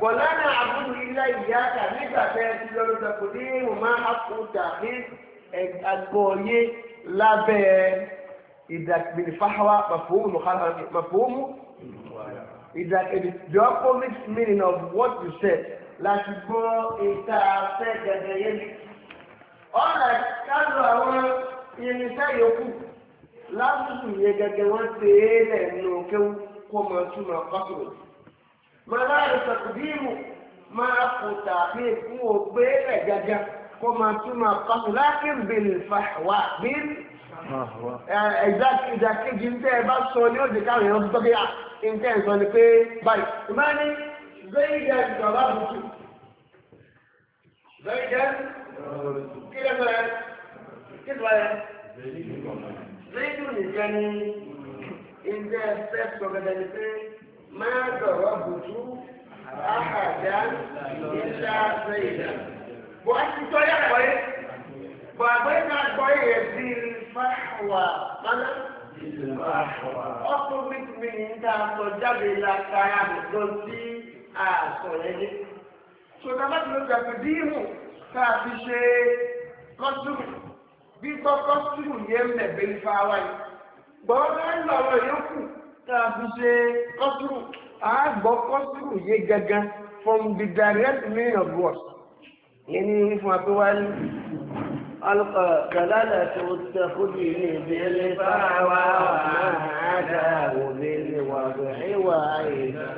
bọ̀ lánàá àbúrò ilá ìyá kà nígbà tẹ́ ẹ ti lọ́rọ́ sọ kò ní mo máa ń hapò tàbí àgbọ̀yé lábẹ́ ìdàgbìn fáwa màfòómù màfòómù the opposite meaning of what you said láti gbọ́ ìta afẹ́ gẹ́gẹ́ yẹn. ọ̀nà kájọ àwọn irinṣẹ́ yòókù lásìkò yẹn gẹ́gẹ́ wọ́n ṣe é lẹ́nu kéwú kó máa túmọ̀ kọ́sùrù. màlá ìṣàkùdíìmù máa kò tàbí fún ògbé rẹ̀ gẹ́gẹ́ kó máa túmọ̀ kọ́sùrù láti bèrè fàwa bí ìdákejì ńtẹ́ ẹ bá sọ ní òde káwọn èèyàn tó tọ́kẹ́ yà ńtẹ́ sọ ni pé báyìí. ìmáà ní gbẹ́yìdẹ́ ìjọba bùtù gbẹ́yìdẹ́ kí lẹ́sọ̀ rẹ̀ kí lẹ́sọ̀ rẹ̀. rédíò nìkan ni ilé ẹsẹ̀ sọ̀gẹ̀dẹ̀ ni pé máa dọ̀rọ̀ bùtú àhàjá ìṣá ṣẹ́yìnà. bó a ti tọ́ yàrá yẹ bó a gbé ká gbọ́ yẹ bí fáwà mọ́nà. ọkùnrin mi ní ká sọ jáde la kára mi lọ sí àsọ̀rẹ́ yẹn. sọ̀tàbátì ka fi bí tọ́kọ́ sùúrù yẹn mẹ̀gbẹ́ ifá wa yìí gbọ́dọ̀ ń lọ ọ̀rọ̀ yẹn kù tàbí ṣe kọ́sùrù àgbọ̀ kọ́sùrù yé gangan from the direct meaning of words yẹn ní fún wa pé wá ní. ألقى كلالة التخذين بالفاوى ما عداه بالوضع وأيضا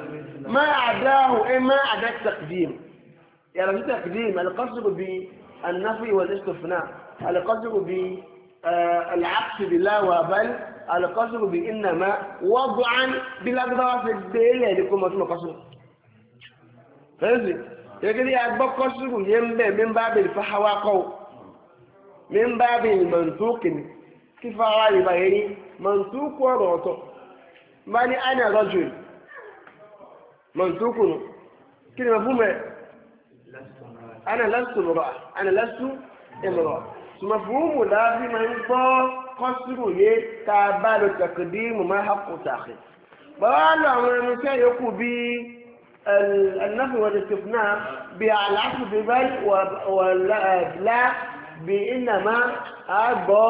ما عداه ما عدا التقديم يعني في تقديم القصد بالنفي والاستثناء القدر بالعكس آه، بلا وبل القدر بإنما وضعا بالأقدار في الدين لكم اسم قصر فهمت يقول يا أبو قصر ينبه من باب الفحواقو من باب المنطوق كيف أرى بغيري يعني منطوق وروتو ماني أنا رجل منطوق كلمة مفهومة أنا لست امرأة أنا لست امرأة mọ̀fúrúmù láàbí máa ń gbọ́ kọ́sìrù yé tá a bá lo tẹ̀kìdí mọ̀mọ́ àkùtàkì. bàbá lọ àwọn irinṣẹ́ yòókù bíi النفي والاستثناء بالعكس ببل ولا بإنما أبو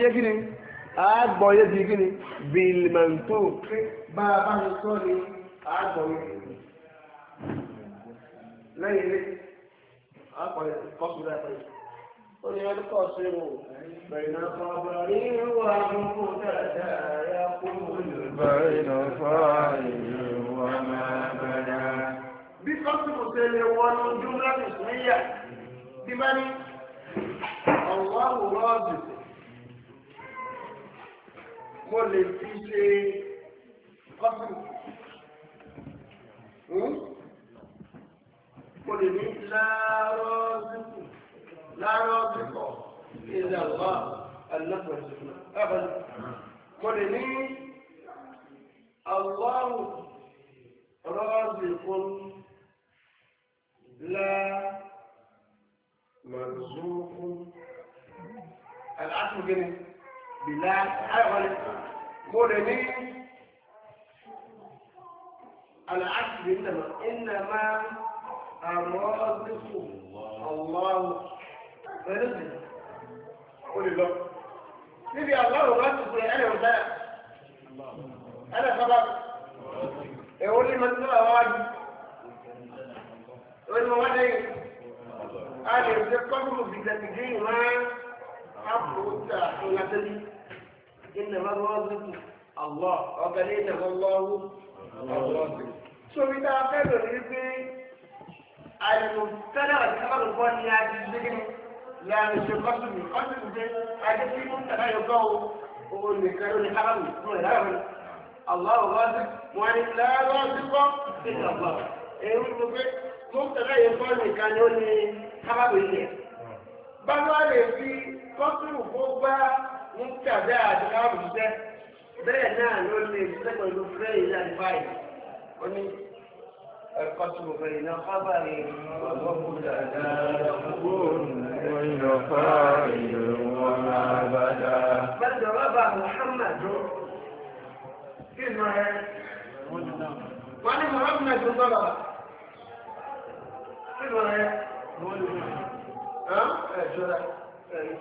يجري أبو يجري بالمنطوق بابا نصوري أبو يجري لا يجري أبو يجري ولينقسموا بين خبري ومبتدا يقول بين فاعل وما بدا بقسم سلوان جملة اسمية بمن الله رازق mo lè fi ṣe kọ́sùn mo لا يرزقه إلا الله النصر السكنة أبدا قل لي الله رازق لا مرزوق العشر جنيه بلا حول قل لي العشر إنما إنما الرازق الله lẹ́nìí ó lè lọ. níbi àbáwò bá ti pè ẹnì ọ̀dá ẹnì sábà èwo ní mo ti sábà wá wájú èwo ní mo wá lẹ́yìn a lè ṣe kọ́kùrù bìtẹ̀kìtì ìmọ̀ àpòtà ìlàtẹ́bí ìnáwó rọ́ọ̀dùkù àlọ́ ọ̀gẹ̀lẹ́ ìnáwó lọ́wọ́ ọ̀rọ̀ọ̀dù. sórí tá a fẹ́ lò ní pé àìmọ̀ tẹ́lẹ̀ àti sábà lọ́wọ́ ni a ti lẹ́yìn ṣe kọ́sùn mi kọ́sùn mi dé ajé tí mo ń tẹ̀lé yọgọ́ o owó nìkan ló ní aráàlú fún ẹ̀dá rẹ̀ aláwọ̀ wá sí wọn ni lẹ́yìn wá sí kọ́ sí ìjọba èyí ló pé mo ń tẹ̀lé yọgọ́ nìkan ló ní aráàlú yẹ. báwa lè fi kọ́sùn kó gbá ń tàbí àdúrà òṣìṣẹ́ bẹ́ẹ̀ náà ló lè ṣiṣẹ́ pẹ̀lú fúrẹ́yìn náà báyìí القتل بين خبرين وبكت أداءهم بين فاعل وما بدا بل ضرب محمد كلمة وأنا محمد ضرب كلمة ها؟ ضرب إيه،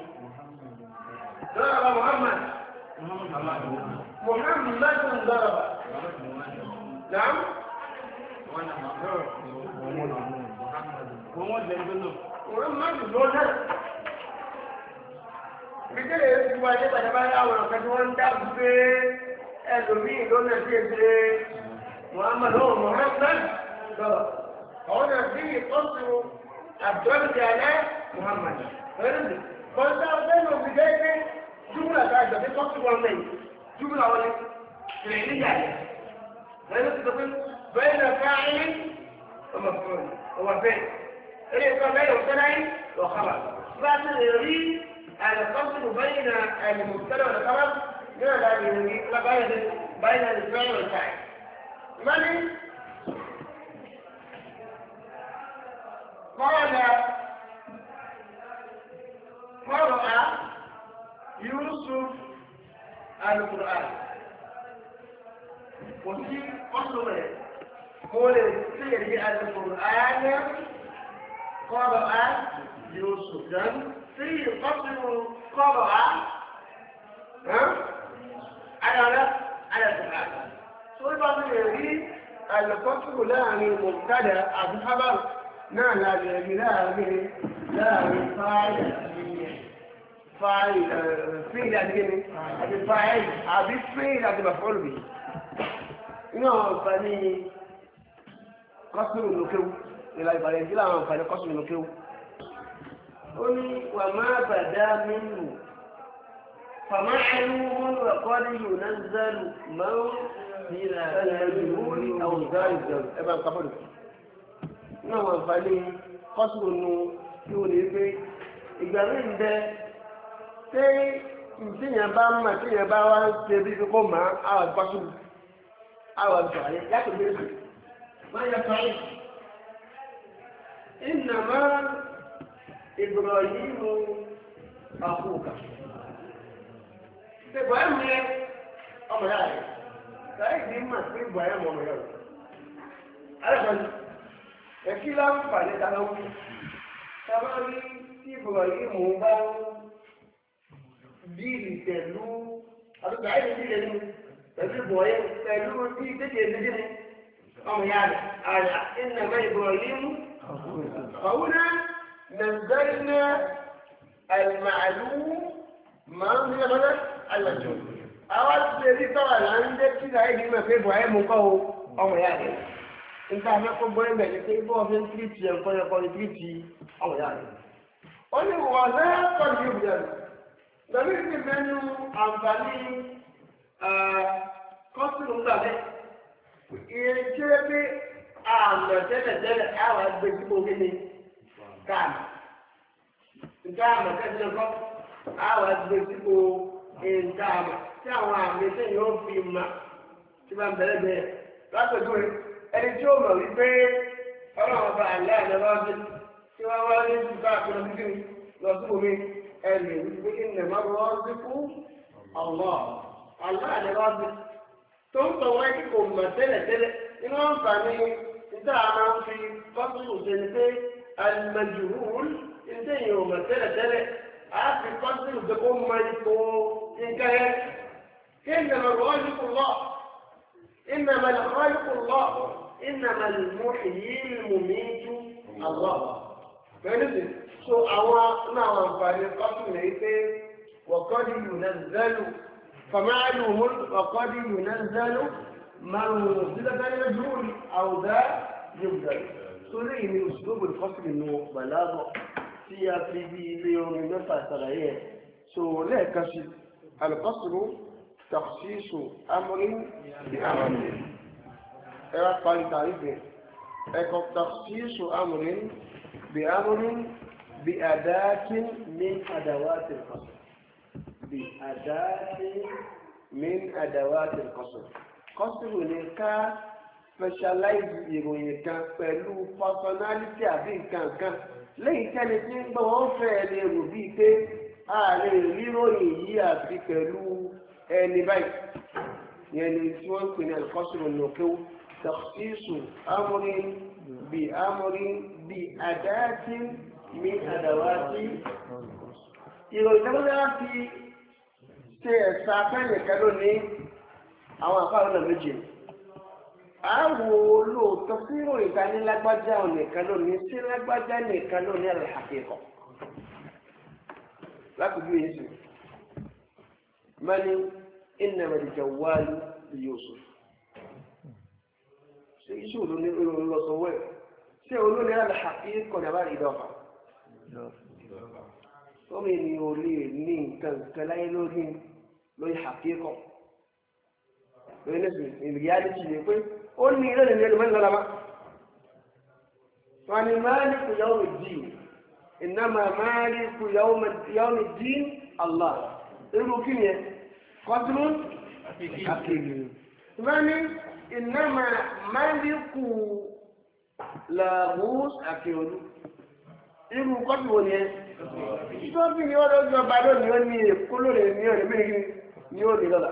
محمد محمد ضرب نعم Muhammadu ló náà. Bíkẹ́lẹ̀ yóò ti wá ní pàtàkì àwọn ọ̀kan tí wọ́n ń dábò pé ẹlòmíì ló náà ṣe ṣe Muhammadu ó Muhammadu lọ. Àwọn náà sí ìtọ́sùn àbúrò alẹ́ Muhammadu. Kọ́ńtà ọ̀sẹ̀ ló fi jẹ́ pé júmùlà tá a jọ pé tọ́sùn wọn lẹ́yìn. tó ti sọ بين فاعل ومفعول هو فعل ايه بين مبتدا وخبر بعد يريد ان يفصل بين المبتدا والخبر بين بين الفعل والفاعل من قال قرأ يوسف القرآن وفي فصل قول اغسلي القرآن قرأ يوسف في قصر قرأ ها على لا على سبحانه سورة الذي القصر لا من مبتدا أبو خبر لا لا لا لا من فاعل فاعل فيل أدري أبي فاعل أبي فيل أبي مفعول به. إنه فني kọ́sùrù nùkéwù ìlà ìbàdàn ìdílé àwọn àǹfààní kọ́sùrù nùkéwù. ó ní wà má bàdá mi nù fàmà ẹnu wọn wà kọ́ ní yòó náà zẹ́lu máa ń sẹ́lẹ̀lú àwọn zẹ́lu zẹ́lu ẹ bá ń kábọ̀lù. náà wà àǹfààní kọ́sùrù nù kí wọ́n lè gbé ìgbà mi ما يفعل إنما إبراهيم أخوك إبراهيم هي أمر عليك láìsí mà sí ìgbà ẹ̀ mọ̀ mọ̀ yọ̀rọ̀. Àlẹ́fẹ̀ẹ́ ẹ̀kí láǹfààní ta lọ́wọ́. Tàbá rí tí ìbọ̀rọ̀ yìí mò ń bá bíìlì pẹ̀lú àdúgbò àìsí ìdílé mi pẹ̀lú ìbọ̀yẹ pẹ̀lú tí ìdíje ìdíje ọmọ ya rẹ̀ àyà ìnàmọ́ ìbọ̀límù ọ̀húnà nàìjíríà àìmàlú máa ń yẹ lọ́dẹ́ àyàjọ àwọn ti ṣe ní tọ́wà là ń jẹ́ kí láì ní mẹ́fẹ́ bọ̀ ẹ́ mú kọ́ o ọmọ ya rẹ̀ nígbà mẹ́kọ́ gbọ́ ẹ̀mẹ̀ ní pé bọ́ọ̀ fi ń tìrìtì ẹ̀ nǹkan ẹ̀kọ́ ní tìrìtì ọmọ ya rẹ̀ ó ní wọ́n náà kọ́ ní ìbùdó lọ́mí ti mẹ́nu àǹfààní kọ́sìlù ń gbà bẹ́ẹ̀ ìrìn tí a pé àwọn ẹgbẹ́ tí mo gbé ní káàmù nǹkan àmọ̀ kẹ́sìlẹ̀ kọ́ àwọn ẹgbẹ́ tí mo nǹkan àmọ̀ tí àwọn àmì tí yóò fi ma tí máa ń bẹ̀rẹ̀ bẹ̀rẹ̀ látọ̀jú rẹ̀ ẹni tí ó mọ̀ wípé ọlọ́run ọba àlẹ́ àná bá dé tí wọ́n wá ní ìdúgbò wípé tó ń tọ̀ wáyé kò mọ̀ tẹ́lẹ̀tẹ́lẹ̀ inú wọn fà ní níta máa ń fi kọ́sùrù ṣe ni pé alimẹ̀jùrùl níta yìí ò mọ̀ tẹ́lẹ̀tẹ́lẹ̀ á fi kọ́sùrù ṣe kó mọ ipò nǹkan yẹn kí ìnàmọ̀ lọ́ọ́lù kò lọ ìnàmọ̀ lọ́ọ́lù kò lọ ìnàmọ̀ lùmú èyí lùmú mi tú àlọ́ pẹ̀lú so àwọn náà wà ń fa ní kọ́sùrù yìí pé wọ́kọ́ فما فمعلوم فقد ينزل منزلة المجهول أو ذا يبدل سوري من أسلوب الفصل إنه بلاغة فيها في دي ليون ينفع تغيير سو لا كشف القصر تخصيص أمر بأمر إيه قال تعريف إيه تخصيص أمر بأمر بأداة من أدوات القصر بأداة من أدوات القصر قصر نكا specialize ìròyìn kan pẹ̀lú personality àbí nǹkan kan lẹ́yìn tẹ́lẹ̀ tí ń gbọ́ wọ́n fẹ́ lè rò bíi pé a lè ríròyìn yìí àbí pẹ̀lú ẹni báyìí yẹn ni tí wọ́n ń pè ní àlùkọ́sùrù nìkéwò tọ́kísù amúrí bí amúrí bí àdáyàtì mi àdáwàtì ìròyìn tẹ́lẹ̀ fi tí ẹ̀sà fẹ́nìkan ló ní àwọn àfáà lọ́nà méjì a wo lóòótọ́ sí ìròyìn ta ní lágbájá nìkan ló ní sí lágbájá nìkan ló ní àlẹ́ àkẹ́kọ̀ọ́ lákòókò yìí sùn mani ìnàmọ̀ ìjà wáyé yóò sùn ṣe iṣẹ́ olóní olùlọ́sọ̀wọ́ ẹ̀ ṣe olóní àlẹ́ àkẹ́kọ̀ọ́ ní abáyé ìdọ́fà omi ni o lè ní nǹkan kan láyé lórí lórí àkíkọ̀ lórí lẹ́sìn ìrìyájú ti lè pé ó ní ilé ìrìn ẹlòmọ́ ìlọ́la má. wọn ni máàlìkù yawm ad-din innama máàlìkù yawm ad-din Allah irú kí ni ẹ kọ́tùrú àkèké. wọn ni innama máàlìkù làbúùs àkèké irú kọ́tùrú ni ẹ. ìjọba ni wọn lọ jọba lónìí ó ní èkó lónìí ní ọ̀rẹ́ mẹ́rin ni ó ní lọ́la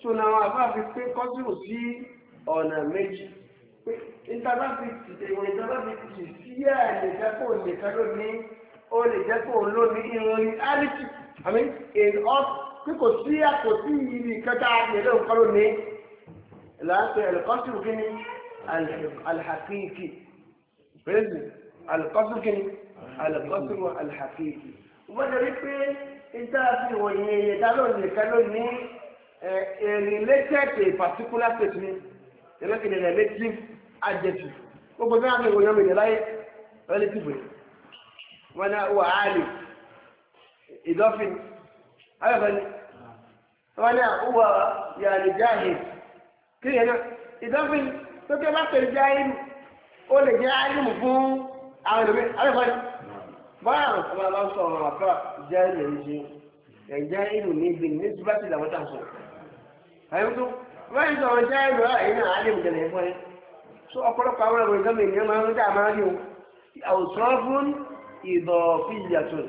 ṣùnà àwọn àbá fi pé kọ́sìmù sí ọ̀nà méjì pé ìtàbá fi tìtẹ̀ ìwọ̀n ìtàbá fi tì sí ẹ̀ lè jẹ́ kó lè jẹ́ kó ní ó lè jẹ́ kó ló ní ìròyìn áìlìtì àmì in us pé kò sí àkòtí ìlú ìkẹta àgbèrè nǹkan ló ní láti ẹ̀lẹ́kọ́sìmù kí ni alhakiki pẹ̀lú alkọ́sìmù kí ni alkọ́sìmù alhakiki wọ́n jẹ́ rí pé níta fi ìròyìn ìyẹ̀dá lónìí nìkan ló ní related to a particular statement ìrẹ́kìlẹ̀ relative adjective gbogbo náà ní ìròyìn ìyẹ̀dá láyé relative rẹ̀ wọn náà wà á lè ìdọ́fin ayọ̀bẹ ni wọn náà wà yàrá jáhìn kí ni ìdọ́fin tó kẹ́ bá pè jáhìn ó lè jẹ́ áyùmù fún àwọn ènìyàn ayọ̀bẹ ni. báyà ọba bá ń sọ ọ̀rọ̀ àfà jẹ́ ilẹ̀ ìṣe ẹ̀jẹ̀ ìlú na ní ti bá ti làwọn tà sọ. àyẹ̀wò tó wọ́n ń sọ̀rọ̀ jẹ́ ìlú ẹ̀yìn náà alẹ́ ìjẹ̀lẹ̀ ẹ̀fọ́ yẹn. sọ ọ̀pọ̀lọpọ̀ àwọn ẹ̀rọ ìgbàmì ènìyàn máa ń dá máa o àwòsàn fún ìdọ̀fìyàtọ̀ tó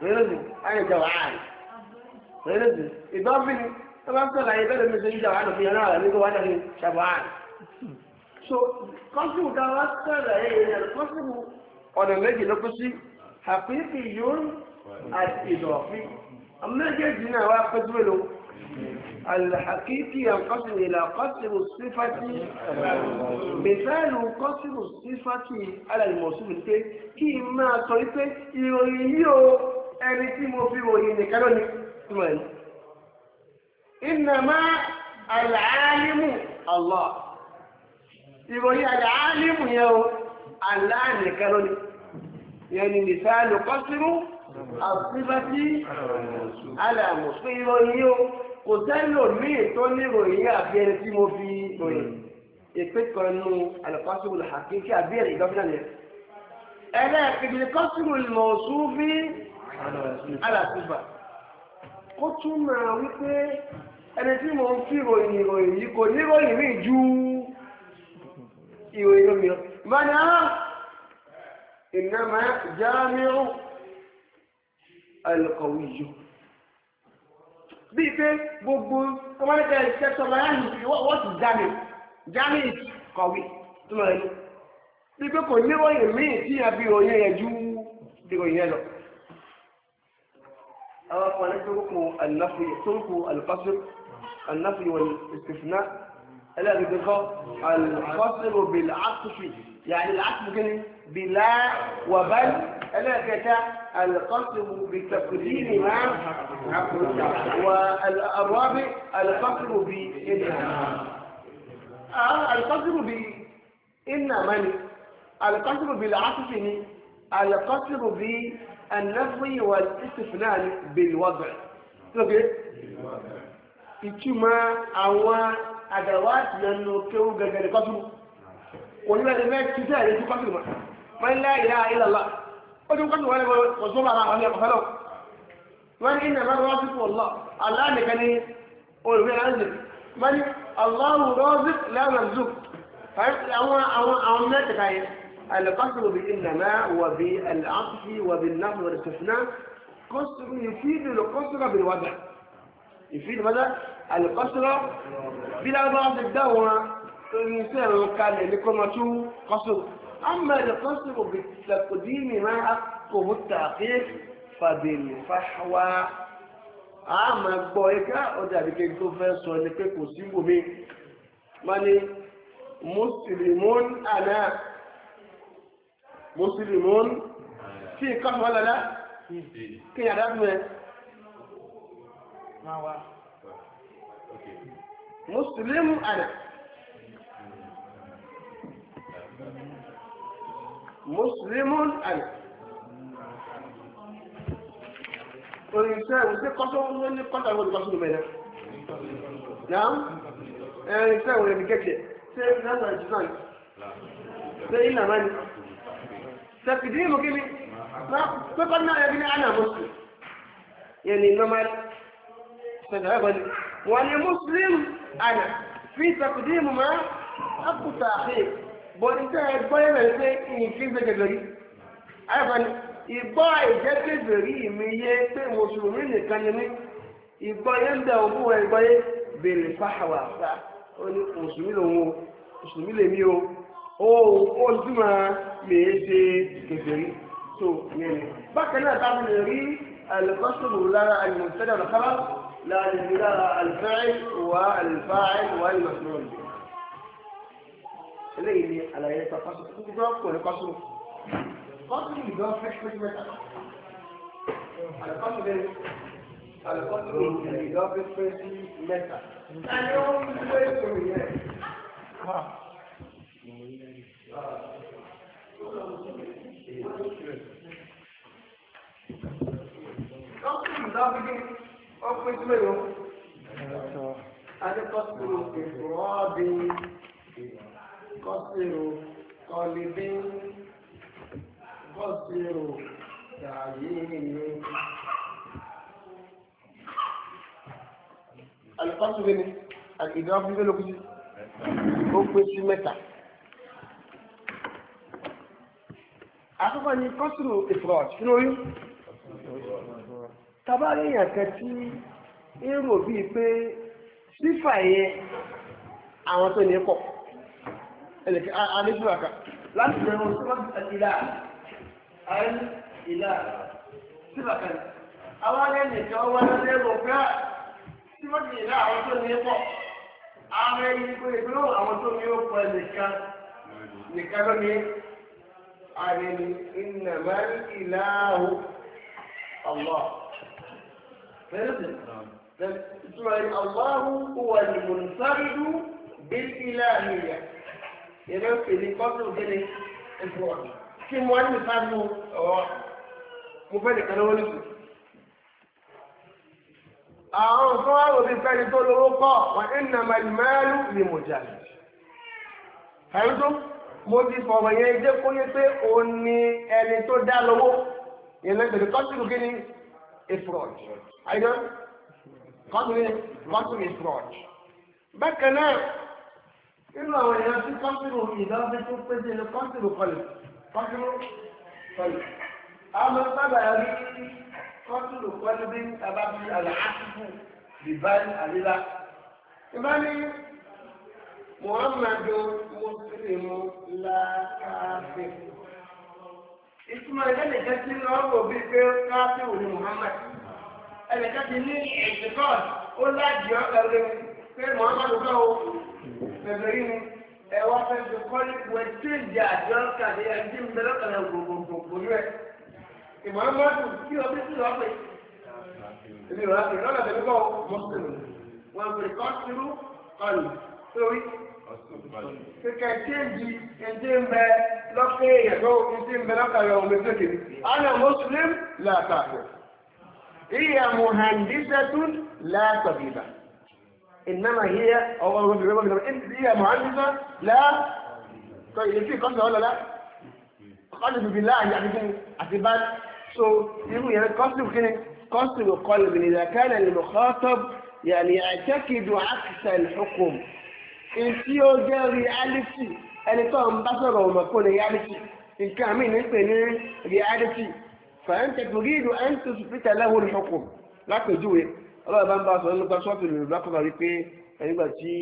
so ọ̀nà méjì ló kú sí àpínkì yóò àti ìdọ̀fí méjèèjì náà wá pẹ́ dúró lò الحقيقي ينقسم إلى قسم الصفة مثال قسم الصفة على الموصوف pé kí n máa sọ pé ìròyìn yìí o ẹni tí mo fi ròyìn nìkan ló túmọ̀ ẹ̀. إنما العالم الله ìròyìn العالم yẹn o aláàníkan lónìí yẹn ni nìsáàlù kọ́sírú àfíbátí alàmùsùn ìròyìn o kò sẹ́lò míì tó níròyìn àbí ẹni tí mo fi ròyìn èpè kan nù alùpàṣẹwò làákì kí àbí ẹni gọ́fìnà yẹn ẹlẹ́ẹ̀kejì ni kọ́sírù ìmọ̀ọ́sùn fi alàfíbà ó tún máa wípé ẹni tí mo fi ròyìn ìròyìn yìí kò níròyìn rí ju ìròyìn mi منع إنما جامع القوي بيك بوب بوب وانا كده كده ما يعني هو جامع جامع قوي تمام بيك كوني وين مين تي ابي وين يجو ديكو يلو أو أنا تركوا النفي تركوا القصر النفي والاستثناء الا بالقصر بالعطف يعني العكس كده بلا وبل ألا الاكتا القسم بتقديم ما والأرواب القسم بإنها آه بإن من القسم بالعطف القسم بالنفي والاستثناء بالوضع اوكي ìtumọ̀ àwọn àdàwà àti ìyànnà kéwú gẹ̀gẹ̀rẹ̀ onílẹ̀ ní mẹ́rin títí àyè tó kọ́sìmọ̀ wọ́n ní láyé àìlàlá ó ti kọ́sìmọ̀ wọn kò sọ́mọ́ ara àwọn ẹ̀kọ́ fẹ́lọ́ wọ́n ní ìnà bá rọ́ọ̀sì fún ọlọ́ àlá nìkan ní olùgbé ránzì wọ́n ní aláwọ̀ rọ́ọ̀sì lẹ́wọ̀n zù àwọn àwọn mẹ́tẹ̀ẹ̀ta yẹn القصر بإنما وبالعطف وبالنقل والاستثناء قصر يفيد القصر بالوضع يفيد ماذا؟ القصر بالأضافة الدورة torí iṣẹ́ ìrìn kalẹ̀ ní kọ́mọ tó kọ́sọ̀ àmọ́ ẹ̀rọ kọ́sọ̀ kò bí tàkùdí ní máa kò mú tààfé fàbẹ̀lẹ̀ fáwa àmọ́ gbọ́ ẹ̀ka ọjà àbíkẹ́ tó fẹ́ sọ ni pé kò sí bòmí wọ́n ní mùsùlùmún àná mùsùlùmún tí nǹkan fọ́ lọ́dá kí ni àdá fún ẹ. mùsùlùmún àná. muslimun àlè. oníṣẹ́ ìṣe kọ́tọ́ ló ní kọ́tọ́ àwọn olùkọ́ sínú mẹ́rin. náà ẹ̀rín iṣẹ́ ìwé ẹ̀mí kẹ̀kẹ́ ṣé nasa ìjìnlá ni ṣé ìlànà ni. tẹ̀sídìí mú kí ni pépà náà yẹ kí ni àná mọ́sùlùmí yẹn ni normal sọ̀rọ̀ ẹ̀kọ́ ni wọ́n ni muslim àná fi tẹ̀sídìí mú mọ́ àkùtà àfẹ́. bọ́dítẹ́ ẹgbọ́n yẹn pé nǹkan gbẹgbẹgbẹ yìí ayọ̀fẹ́ni ìgbọ́ ìjẹ́gbẹ̀gbẹ̀ yìí mi yé pé mùsùlùmí nìkan ni mí ìgbọ́ yẹn bẹ̀ òkú rẹ̀ ìgbọ́ yẹn bèrè fáwà fá ó ní mùsùlùmí lòun o mùsùlùmí lèmi o ó ó dúnmọ̀ lèé ṣe gbẹgbẹ̀ yìí tó yẹn ni. bákan náà táwọn lè rí àlùkọ́sùrù lára àlùmọ̀tẹ́dà lọ́kàrà lára àlùfẹ́ eléyìí ni àlàyé nípa kọ́sùn kúkú tó ń pè ní kọ́sùn kọ́sùn yìí gan fẹ́ fẹ́ mẹ́ta àlùkọ́sùn lè àlùkọ́sùn yìí gan fẹ́ fẹ́ mẹ́ta ẹni ó ń gbé ìṣòro yẹn. Kọ́sùn yìí gan fẹ́ ó kọ́sìrò kọlìdé kọ́sìrò tààyè alùpàṣẹ ni àgbègbè wọn fífẹ́ lókùn ó pé sí mẹ́ta àkọ́kọ́ ni kọ́sìrò ìfọ̀rọ̀ sínú oyún tabari èèyàn kan ń rò bíi pé sífà yẹn àwọn tó ní kọ̀ ẹ̀lẹ̀kẹ́ alẹ́gbẹ̀rẹ̀kà láti bẹ̀rẹ̀ wọn síwájú àtìlá àìlá síbàkà àwọn ẹnìkan wá lọ́dẹ́ rò pé síwájú ìlà àwọn tó ní pọ̀ ààrẹ ìgbò ìgbò àwọn tó ní ó pọ̀ nìkan nìkan ló ní ààrẹ ní ìnàmá ìlà ààrùn ọ̀lọ́ Ìtura Allah huwa al-munfaridu bil ilahiyya yẹlẹ pè ní gọ́dọ̀ gẹ́lẹ́ ẹ̀fọ́ kí mo wá ní ìfá mú ọ̀ mo fẹ́ nìkan lọ́wọ́ nìkú. àwọn tó wá wò bí fẹ́ni tó lówó kọ́ wà nínú màlúmẹ́lú ni mo jà lè. àyùtò mo ti fọ̀rọ̀ yẹn jẹ́ kó yẹ pé òun ni ẹni tó dá lówó yẹlẹ pè ní gọ́dọ̀ gẹ́lẹ́ ẹ̀fọ́ àyùtò gọ́dọ̀ gẹ́lẹ́ gọ́dọ̀ ẹ̀fọ́ bákan náà nínú àwọn èèyàn tí kọ́ńtìrò ìdánsí tó péjì ní kọ́ńtìrò kọlẹ̀ kọ́ńtìrò kọlẹ̀ àwọn sábà rí kọ́ńtìrò kọlẹ̀ bí tàbí àlàáfíkù bìbáyì àlílá ìbá ní muhammadu muslimu lákàáfẹ́ ìtumọ̀ ìdánìkẹ́ tí wọ́n wò bí pé káfíwò ní muhammad ẹnìkan ti ní ìsìnkọ́ọ̀dù ó lájì ọ́ ẹ̀rẹ́ pé muhammadu bẹ̀bẹ̀ yìí ni ẹ wá fẹ́ fi kọ́lé wẹ́ tíǹdì àjọ kàdé ẹ̀jí ń bẹ̀rẹ̀ kàdé gbogbogbò yẹ. ìmọ̀ràn máa dùn kí ọbí sí lọ́ọ́ pè. èmi rà pè lọ́nà tẹ̀lé kọ́ mọ́sùlùmí هي مهندسة لا طبيبة إنما هي أو هي معنزة لا طيب في قصد ولا لا؟ قصد بالله يعني كده اعتبار سو يقول يعني قصد كده قصد القلب إذا كان المخاطب يعني يعتقد عكس الحكم èyí ó jẹ́ reality ẹni tó ń bá sọ̀rọ̀ ọmọ kó ní reality nǹkan mi ní pè ní reality fàáńtẹ̀ tó rí ìlú ọlọ́run bá ń bá sọ nípa sọ́ọ̀tù lè lákọ̀ọ́kọ́ wípé nígbà tí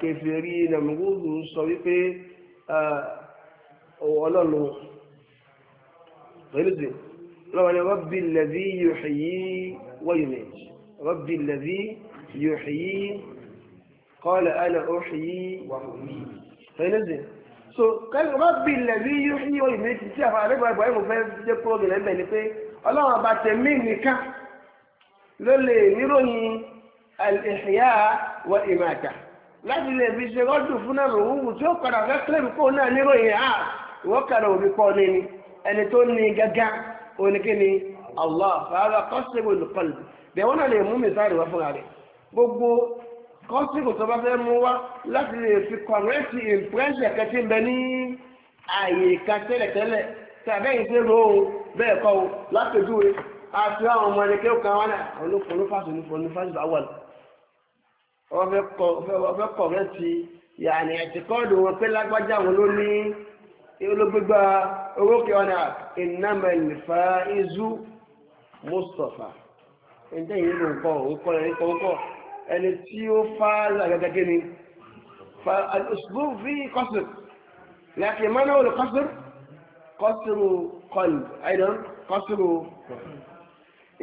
kẹfìrí nàmúgbòdù sọ wípé ọlọ́run pẹ̀lú ti ọlọ́run ni rabbi alladhi yuhyi wa yumit rabbi alladhi yuhyi qala ana uhyi wa umit pẹ̀lú ti so rabbi alladhi yuhyi wa yumit tí a fà àdébà ìbọ̀ ẹ̀mú fẹ́ jẹ́ pọ́ọ̀gì lẹ́mẹ̀ ni pé ọlọ́run àbàtẹ̀mí nìkan ló lè níròyìn al-ihya wa imata láti lè fi ṣe rọ́dùn fún náà òwúwù tí ó padà fẹ́ kílẹ̀mù kó náà níròyìn à ah, wọ́n kàrà òbí pọ̀ ní ni ẹni tó ní gángan oníkíni Allah fàárà kọ́sìkò lùkọ́lù bẹ́ẹ̀ wọ́n náà lè mú mìsáàrì wá fúnra rẹ̀ gbogbo kọ́sìkò tó bá fẹ́ mú wá láti lè fi kọ̀rẹ́tì ìmpírẹ́sì kẹtí bẹ ní àyè kan tẹ́lẹ̀tẹ́lẹ̀ tàbí ìṣeré ohun bẹ́ẹ̀ kọ́ àti àwọn ọmọ ẹnikẹ́ kan wọn náà olófòló fásitì olófòló fásitì àwọn ọfẹ́ kọ̀ rẹ̀ ti yàní ẹ̀tì kọ́ọ̀dù wọn pé lágbájá wọn ló ní ológbégbá orókè ọ̀nà ìnámẹ̀lẹ̀fà izu mustapha ẹ̀jẹ̀ yìí ló ń kọ́ òkọ́ ẹ̀ kọ́ òkọ́ ẹni tí ó fà lágagagé ni fa àlùsùgbù fi kọ́sìr lẹ́kì mọ́nà olùkọ́sìr kọ́sìrù kọ́lù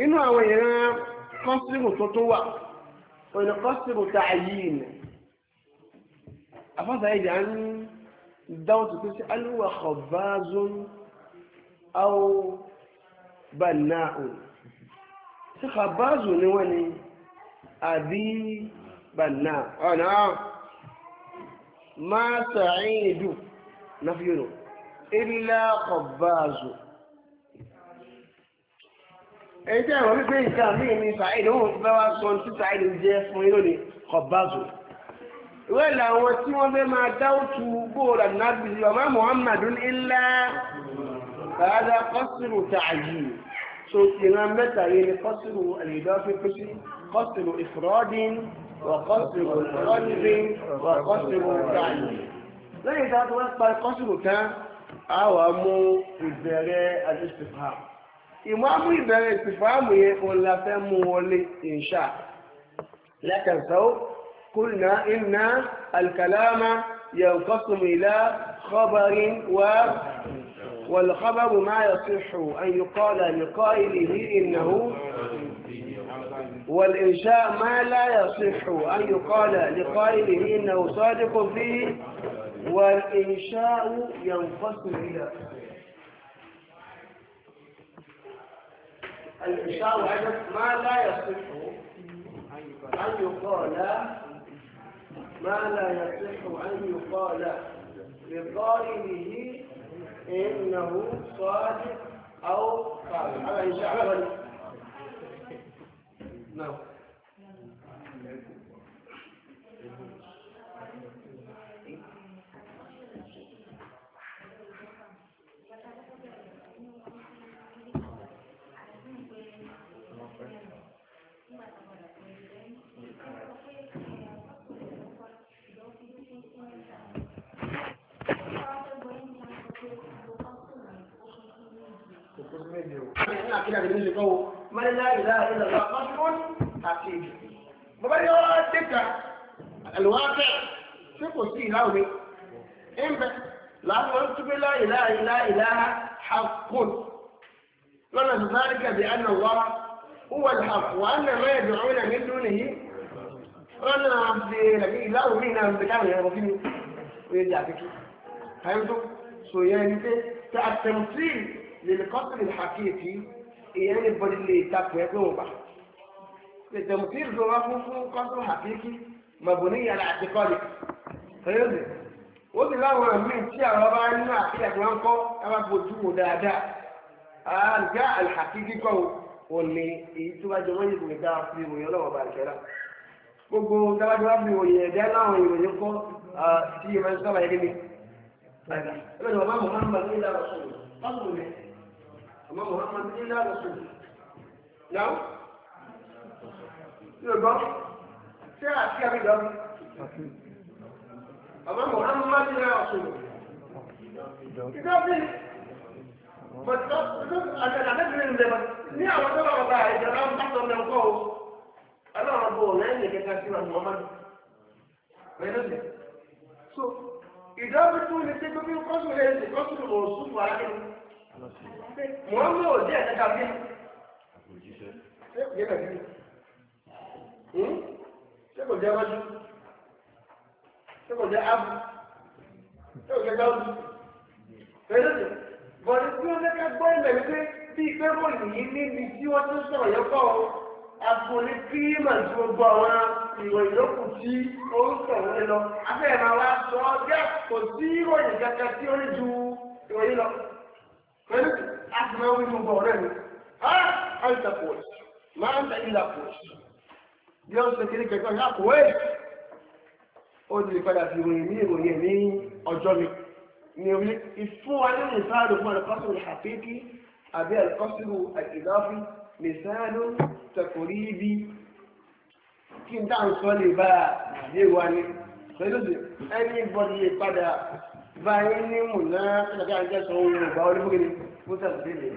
inú àwọn ìran kọ́sìmù tó tó wà òyìnbó kọ́sìmù tá a yí ni afọ́sà ìjà ń dáwọ́ tó tó sí alúwà kọ̀bázón áwọ̀ bànáhùn sí kọ̀bázón ni wọ́n ni àbí bànáhùn ọ̀nà máa sàáyìn ìdù náà fi yóò إلا قباز èyí tẹ́ ẹ̀rọ wípé nǹkan mí ní sàáìdì òun fẹ́ wá sọ tí sàáìdì jẹ́ fún yín lónìí kọ̀báàzù ìwé làwọn tí wọ́n fẹ́ máa dáwùtù bóòlù ànábì ọmọ muhammadu ńlá kàádà kọ́sìrù tààyè so ìran mẹ́ta yìí ni kọ́sìrù àlèdọ́fẹ́ pẹ́sí kọ́sìrù ìfúrọ́dín وقصر القلب وقصر التعليم ليه ده بقى قصر imamu ìbẹ̀rẹ̀ ìsìfàámù yẹn òun la fẹ́ mú wọlé ìṣà lẹ́kẹ̀ẹ́sọ́ kúrìnà iná alkàlámà yẹn kọ́sùmù ìlà kọ́bàrín wá والخبر ما يصح أن يقال لقائله إنه والإنشاء ما لا يصح أن يقال لقائله إنه صادق فيه والإنشاء ينقسم ilá الإنشاء وهذا ما لا يصح أن يقال ما لا يصح أن يقال لقائله إنه صادق أو كاذب هذا إنشاء نعم àmì àkílà rẹ̀ nílé lọ́wọ́ mọ́lẹ́lá ìlà ìlà lọ́wọ́ mọ́tún àti ìdí. bàbá yóò dẹ́ka àlùwá fẹ́ ṣé kò sí ìlà òwe ẹ̀ńbẹ́ làwọn ń túbí lá ìlà ìlà ìlà hakun lọ́nà sàárì kàbí àná wá هو الحق وأن ما يدعون من دونه أنا عبد الله مين أنا بكامل يا ربي ويرجع بك فهمتم؟ سو يعني التمثيل للقصر الحقيقي يعني بدل تقوى قلوبه لتمثيل ظروفه قصر حقيقي مبني على اعتقادك فيوزن ó sì láwọn ẹ̀mí tí àwọn bá nínú àti ẹ̀gbọ́n ń kọ́ ẹ bá fojú wò dáadáa àgbà àlàkí kíkọ́ ò ní èyí tó bá jọ wọ́n yìí kò ní dáa fi ìròyìn ọlọ́wọ́ bá ìṣẹ́ra gbogbo dábàjọ́ bá fi ìròyìn ẹ̀dá láwọn ìròyìn kọ́ tí ìròyìn sábà yẹ kí ni. ẹgbẹ́ ìjọba máa mọ̀ máa ń bá ní ìlànà sọ̀rọ̀ àmọ́ Muhammad ilá lọ́sùn náà yóò gbọ́ ṣé àti àbíjọ́ àmọ́ Muhammad ilá lọ́sùn ìjọba mọ̀tò àtẹ̀lẹ́bìnrin ń dẹ̀bà ní àwọn tó lọ́wọ́ bá ìjọba ń bá tọ́lẹ̀ ńkọ́ o ọlọ́run bò lẹ́yìn kẹta sí wa Muhammad pẹ̀lú so ìjọba tún ní sẹ́gbẹ́ bí kọ́sùn lẹ́yìn kọ́sùn sùn fún alákẹ́ni wọ́n mú òdí ẹ̀jẹ̀ ká bí. ṣé kò jẹ́ bẹ̀rẹ̀ bí? Hmm? ṣé kò jẹ́ wájú? ṣé kò jẹ́ ábù? ṣé kò jẹ́ gáwù? pẹ̀lú ìdè bọ̀dé tí wọ́n lẹ́ka gbọ́ ẹ̀mẹ̀ wípé bíi pé wọ́n yìí níbi tí wọ́n tún sọ̀rọ̀ yẹn kọ́ ọ àpòlí kírímà tí ó gbọ́ àwọn ìwọ̀ ìlókù tí ó ń sọ̀rọ̀ lé lọ. abẹ́rẹ́ máa wá sọ ọ́ bí àpò sí ìròyìn kankan tí ó ní ju ìròyìn lọ pẹ̀lú àtìmọ́ wí gbogbo ọ̀rẹ́ mi á àìsà pòs máa ń tẹ̀ ìlà pòs bí ó ń ṣe kiri kẹ̀kọ́ yá kò wé ó di ìpadà fi ìròyìn ní ìròyìn ní ọjọ́ mi ni omi ìfún wa nínú ìsáàdù fún àlùkọ́sùn àfíkí àbí àlùkọ́sùn àìdáfí nìsáàdù báyìí ní múná tọ́jú àjẹ́ sọ ohun ìgbà olóògbé ni fún tẹ̀sí lè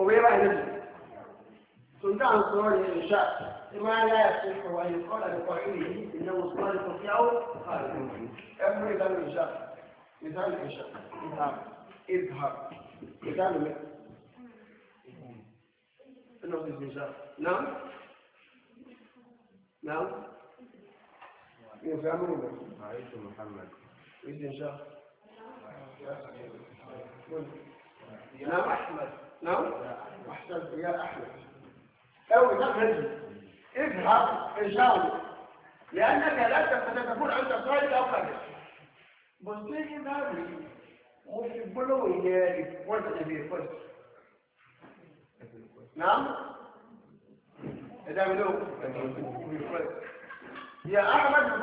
òwe báyìí lè tó ń dá ń sọ ní ìṣá tí máa ń láyà sí ìfọwọ́ ayé kọ́ láti kọ́ sí ìlú ìlú mùsùlùmí tó fi áwọ́ ẹ̀mú ìdáná ìṣá ìdáná ìṣá ìhà ìhà ìdáná mẹ́. إنه في الإنسان نعم نعم يفهمون رأيت محمد في الإنسان نعم أحمد نعم أحسن يا أحمد أو تخرج اذهب اجاوب لأنك لا تكون عند صائد أو خارج بصير نادي وفي بلوي البلو يفوز اللي يفوز نعم إذا بلو يا أحمد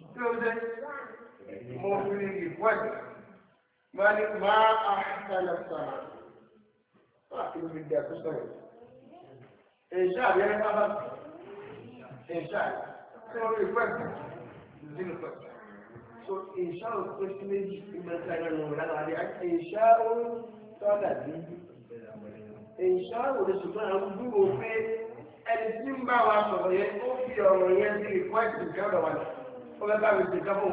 بصير mo fi rìpọ́tì máa ní máa àṣàlẹ̀ sàrà láti lè dẹ̀ tó sọ̀rọ̀. Èṣà àbẹ̀rẹ̀ bá bá sọ̀rọ̀. Èṣà tí wọ́n rí pẹ̀lú nínú pẹ̀lú. So èṣà ò pé sí méjì ìgbésẹ̀ ẹ̀rọ ìrìn lára rẹ̀. Èṣà ó tọ́lá bí. Èṣà ò lè ṣùgbọ́n àwọn dúró pé ẹni tí ń bá wa sọ̀rọ̀ yẹn ó fi ọ̀rọ̀ yẹn sí ìpọ́ẹ̀tì ìjọba wa. Ó fẹ́ bá mi ṣe kábọ̀.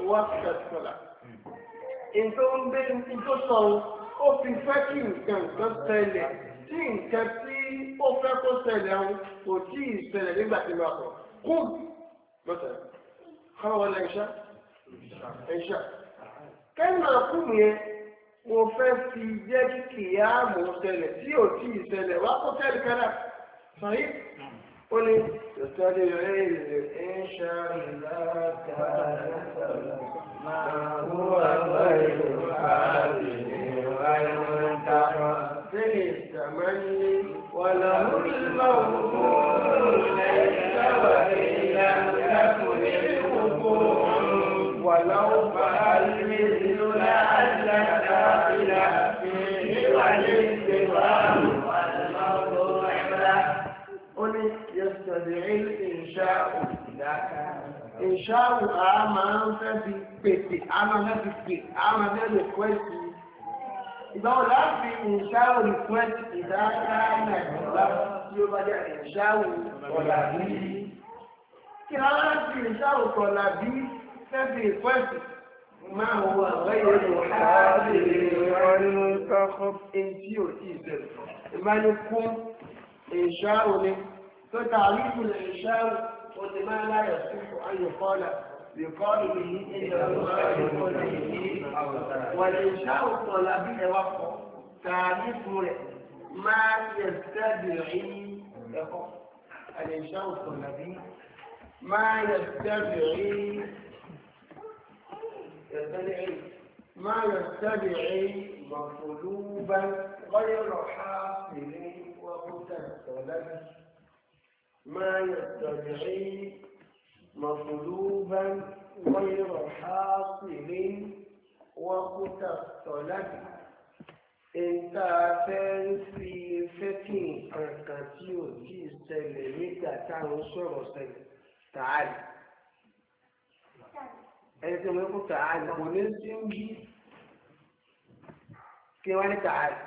wá síta sọ̀la. Nǹkan ń gbé ìjọ sọ ó fi fẹ́ kí nǹkan nǹkan ṣẹlẹ̀ tí nǹkan tí ó fẹ́ kó ṣẹlẹ̀ ń kò tí ì ṣẹlẹ̀ nígbà tí máa bọ̀. Kún lọ́sẹ̀ káwọn wọlé ẹ̀ṣá ẹ̀ṣá. Kẹ́nà kún yẹn mo fẹ́ fi jẹ́ kí kìyàmù ṣẹlẹ̀ tí ò tí ì ṣẹlẹ̀ wá kó ṣẹlẹ̀ kára. Sọ̀yí, ó ní. يتبع عيد إن شاء الله تعالى ما هو غير عادل وينتهى به التمني وله الموضوع ليس وإن لم تكن الوقوع ولو فعل tẹ̀lé ìṣáàwù ìdáka ìṣáàwù a máa ń fẹ́ fi pèsè a máa fẹ́ fi pè a máa fẹ́ lè kọ́ ẹ̀sì ìgbàwọ̀ láti ìṣáàwù rìkwẹ́sì ìdáka nàìjíríà tí ó bá jẹ́ ìṣáàwù ọ̀là bí kí a láti ìṣáàwù ọ̀là bí fẹ́ fi rìkwẹ́sì máa wọ àwọn ìlú ààbèrè ìrọ̀lẹ́ ìtọ́kọ̀ èyí tí ò tí ì bẹ̀rẹ̀ ìbánikún ìṣáàwù ni. فتعريف الإنسان قد ما لا يصح أن يقال يقال به إلا والإنسان الطلبي وقع تعريف ما يستدعي الانشاء الطلبي ما يستدعي يستدعي ما يستدعي مطلوبا غير حاصل ومتسلم ما يستدعي مطلوبا غير حاصل وقت الطلب انت فان في فتن اركاتيو في سلميكا تاو سورو سل تعال انت يقول تعال ونسيم kí wọ́n ní tààlù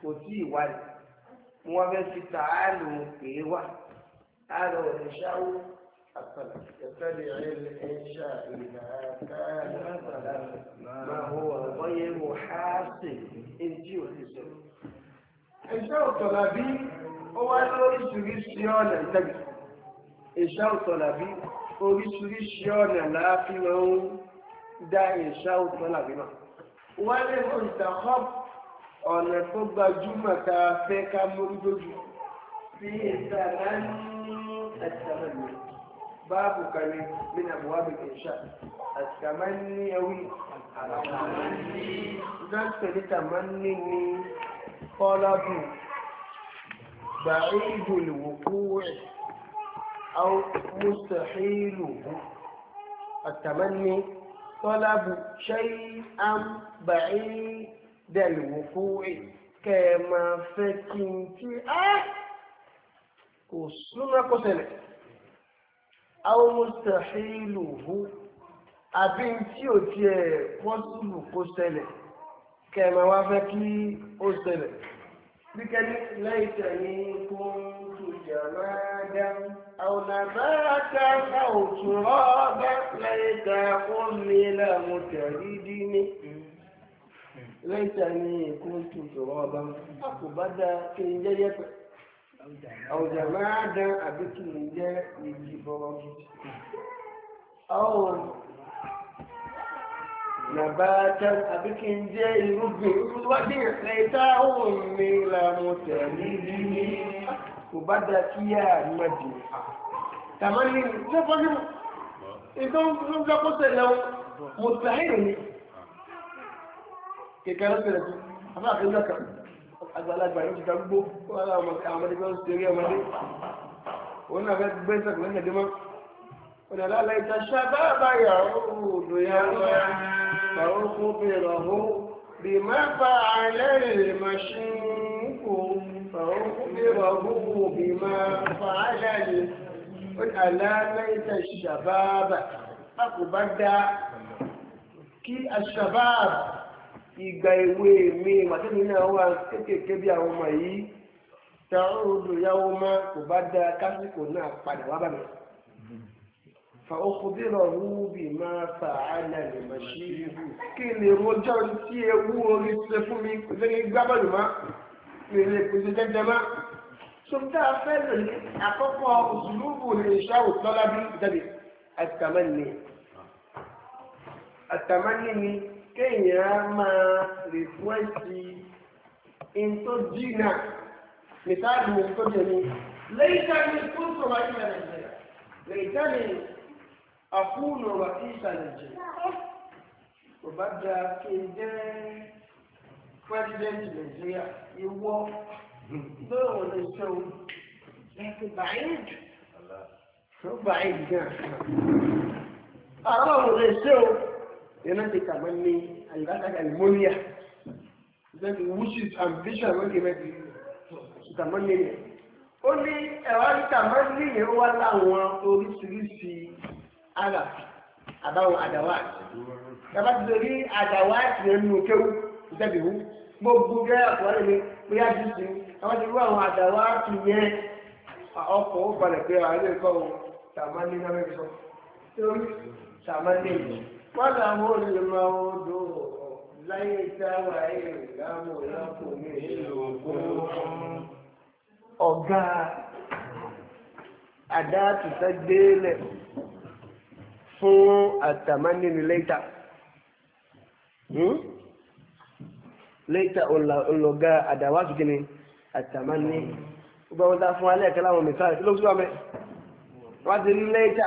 kò tí ì wáyé wọ́n fẹ́ هذا هو الإنشاء الطلب يتبع الإنشاء إذا كان طلب ما هو غير حاصل إنتي وحسن إنشاء الطلبي هو oríṣiríṣi ọ̀nà ìtẹ́gbẹ̀ ìṣàù tọ̀làbí oríṣiríṣi ọ̀nà láàfin máa ń dá ìṣàù tọ̀làbí náà wọ́n lè mọ ìtàkọ́p ọ̀nà tó gbajúmọ̀ tá a fẹ́ ká mórí lójú sí ìtàlánú التمني باب كلمة من أبواب الإنشاء التمني أو التمني التمني طلب بعيد الوقوع أو مستحيله التمني طلب شيئا بعيد الوقوع كما فكنت أه kò súnmọ́ kó ṣẹlẹ̀ àwọn mùsàlùmí hu àbí tí ò tiẹ̀ pọ́sùlù kó ṣẹlẹ̀ kẹ̀mẹ́ wá fẹ́ kí ó ṣẹlẹ̀ bí kẹ́ni lẹ́yìn tẹ̀lé kún tùjà máa dá àwọn àbáraká àwọn òtúrọ̀ ọba lẹ́yìn tà ó mi làwọn tẹ̀lé ní lẹ́yìn tẹ̀lé kún tùjà ọba kò àwùjọ máa dán àbíkí mi jẹ́ ìjì bọ́ọ̀ ọ̀hún nàbàtà àbíkí ń jẹ́ irúgbìn wájú ìfẹ́ta òun mi làwọn tẹ̀lé ní kò bá da kí yá àmàdì tàmá ní lọ́pọ̀ ní nǹkan tó ń gbàgbọ́ sẹ̀lẹ̀ o mùsàlẹ̀ ni kékeré sẹ̀lẹ̀ tó afẹ́ àgbàlagbà yóò ti darúgbó kó wá láwọn ọmọdé bí wọ́n ti rí ọmọdé òun náà fẹ́ gbé sẹ́kùn lẹ́yìn ẹ̀dẹ́ mọ́ òun àlá àlá ìta ṣáàbà báyà òòdò yà lọ bàrún fún bèrè ọ̀hún bí má fa àlẹ́ rè má ṣe ń kó bàrún bí má fa àlẹ́ ìgbà ìwé mi màtẹ́mi náà wà kéékèèké bí àwọn ọmọ yìí ta ọ̀rọ̀dọ̀ yàwó má kò bá da kásìkò náà padà wá bàmí. fa okùnbí rọrù bí máa fà á nà lè má sí kí lè mọjọ́ tí ewu orí ṣe fún mi kò lè gbábọ̀lù má lè lè pèsè jẹjẹ má. sọ́kítà fẹ́ ní àkọ́kọ́ òṣùlùbù lè ṣàwò tọ́lá bí jáde àtàmánì àtàmánì ni kéèyàn máa rìfúẹ́sì ìntó jìnnà mìtáàdì ní tó jẹ ní lẹ́yìntà ní kó sọ̀rọ̀ ìlà nàìjíríà lẹ́yìntà ní àkúlù ọ̀rọ̀ ìlà nàìjíríà kò bá da kí n jẹ́ pẹ́sidẹ́ntì nàìjíríà ìwọ lọ́wọ́ wọn ní sẹ́wọ́n láti bàyìí jù ó bàyìí gan-an àwọn ọ̀rọ̀ ìṣẹ́ o yana da kamar ne albarka almoniya zan wishes and vision wọn kì í mẹ́tì kamar ne yẹn ó ní ẹ̀rọ kamar ne yẹn wà láwọn oríṣiríṣi ara àbáwọn àdáwà yàrá ti lórí àdáwà yẹn nù kéwù ìtẹ́bìwú gbogbo gẹ́gẹ́ àkọọ́lẹ̀ mi bóyá ti sìn àwọn ti rú àwọn àdáwà ti yẹn ọkọ̀ ó balẹ̀ pé àwọn ilé ẹ̀kọ́ wọn tàmánì náà mẹ́rin sọ tàmánì yìí. فله الموضوع ليس وإنه لكم الوقوع ọ̀gá àdáàtútà gbélẹ̀ fún àtàmánínilẹ́ta hmm? lẹ́ta ọlọ́gá àdáwàtú kí ni àtàmánínilẹ́ta ó bá wọ́n dá fún alẹ́ ẹ̀kẹ́ láwọn mẹ́ta lọ́sùwàmẹ́ wọ́n ti ní lẹ́ta.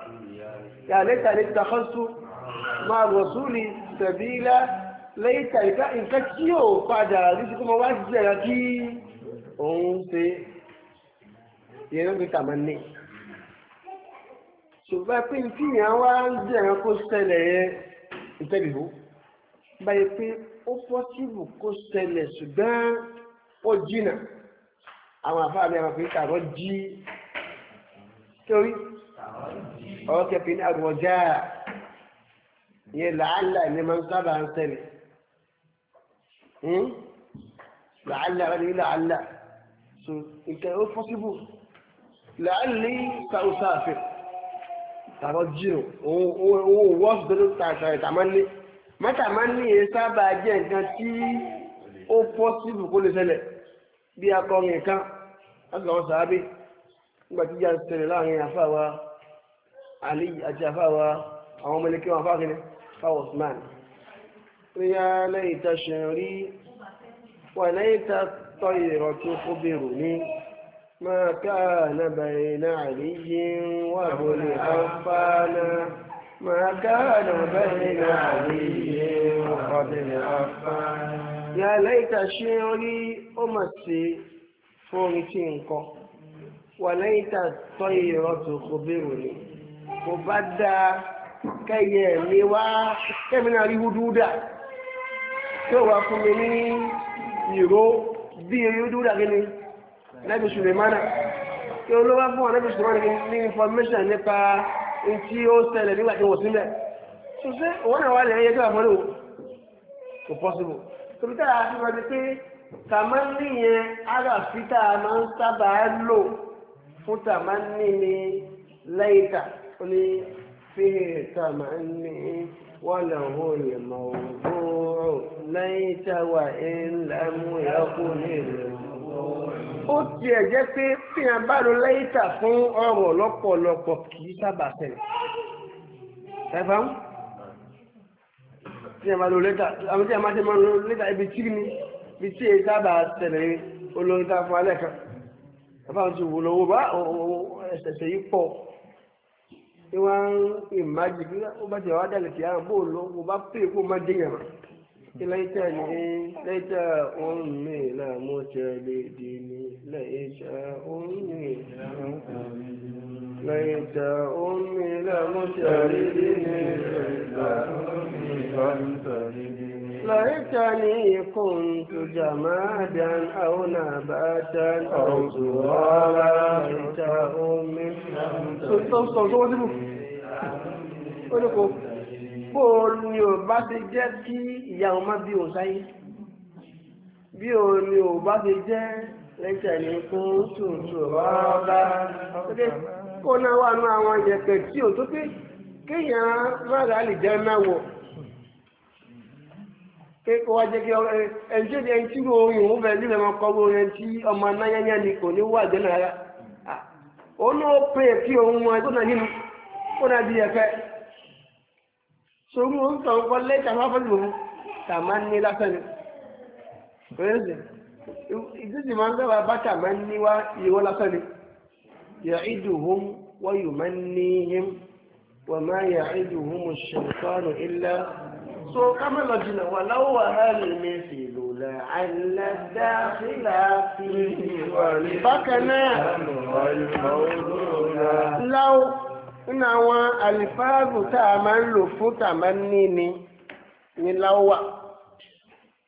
يا ليت اتخذت مع الرسول سبيلا ليت nǹkan tí yóò padà títí kó mọ wá sí ẹ̀rọ tí òun ṣe yẹn ló fi tàmà ní. ṣùgbọ́n pé tí yẹn wá ń jẹ́ ẹ̀rọ kó ṣẹlẹ̀ yẹn ìtẹ́bìbó báyìí pé ó pọ́sibù kó ṣẹlẹ̀ ṣùgbọ́n ó jìnà àwọn àfáàmì àwọn àfihàn tààrọ̀ jí torí ọwọ́ kẹfì ní àrùwọ̀já yẹ làálà ní máa ń sábà ń ṣẹlẹ̀ hmm? làálà wọn ní làálà so nǹkan ó fọ́síbù làálì sàùsàfẹ́ tàbọ̀ jìnnà owó wọ́ọ̀sì tó ló ta àṣà ìtàmánlé mọ́tàmánlé yẹn sábà jẹ́ nǹkan tí ó fọ́síbù kó lè ṣẹlẹ̀ bí akọrin kan láti lọ́wọ́ sàábì nígbà tí ìjà láàrin àfáà ali àti àfáwà àwọn ọmọ ilẹ̀kẹ́ wọn fáwọn fáwọn Usman ríyá lẹ́yìn tẹ̀sán rí wà lẹ́yìn tẹ̀tọ́ ìrọ̀ tó fóbìrù ní máa ká nàbẹ̀rẹ̀ náà rí yí wà bọ́lé àfáàná máa ká nàbẹ̀rẹ̀ náà rí yí wà bọ́lé àfáàná. yà lẹ́yìn tẹ̀sán rí ó mà sí fún kò bá dáa kẹyẹ mi wá kẹmi náà rí wúdúdà tí ó wà fún mi ní ìró bí eré wúdúdà kí ni lẹ́bi Sulemana tí olówó fún wa lẹ́bi Sulemana ní information nípa ntí ó ṣẹlẹ̀ nígbà tí wọ́n sílẹ̀ ṣùgbọ́n òun náà wà lẹ́yìn ẹjọ́ àfọ́lẹ́wò kò possible torí táyà á fi máa di pé tàmánì yẹn ara fita máa ń sábà lò fún tàmánì ní lẹ́yìn tà ní فيه تمني وله الموضوع ليت وإن لم يكن الموضوع ó tiẹ̀ jẹ́ pé tí a bá lo lẹ́yìntà fún ọ̀rọ̀ lọ́pọ̀lọpọ̀ kì í sábà ṣẹlẹ̀ ẹ̀fà ń tí a bá lo lẹ́yìntà àwọn tí a máa ṣe máa lo lẹ́yìntà ibi tí ni ibi tí èyí sábà ṣẹlẹ̀ olóyìntà fún alẹ́ kan ẹ̀fà ti wò lọ́wọ́ bá ẹ̀ṣẹ̀ṣẹ̀ yìí pọ̀ tí wọ́n ń pè májì kí ó bá tẹ̀ wá dàlẹ̀ sí àwọn bó lọ mo bá pè kó má dé yàrá kí lẹ́tà ní lẹ́tà òun mi náà mo tẹ̀ di ní lẹ́tà òun mi lẹ́tà òun mi di ní lẹ́tà òun mi náà mo tẹ̀ di ní. ليتني كنت جمادا أو نباتا أو زرارا ليته من bó ni ò bá ti jẹ́ kí ìyá ọmọ bí ò sáyé bí ò ni ò bá ti jẹ́ lẹ́tẹ̀lé fún tuntun ọba kó náà wà ní àwọn ìyẹ̀pẹ̀ tí ò tó pé kéèyàn rárá lè jẹ́ náà wọ̀ e kó wá jẹ́ kí ẹni tí ẹni tí ro orin òun bẹ̀rẹ̀ lílẹ̀ wọn kọ́wọ́ orin tí ọmọ anáyányá ni kò ní wà jẹ́nà rárá òun pè kí òun wọn tó nà nínú ó nà di ẹ̀fẹ́ tàn kọ́ lẹ́tà máa òun tà ni ìdíjì máa ń bá tà máa ní wá lásán ni so kámẹ́ lọ jìnnà wà láwọ́ wàhálì mi sì lò lẹ́ àìlẹ́dá sílá sí i. bákan náà láwọ́ nínú àwọn àlìfáàbù tá a máa ń lò fún tàmá ní ni ní láwọ́ wà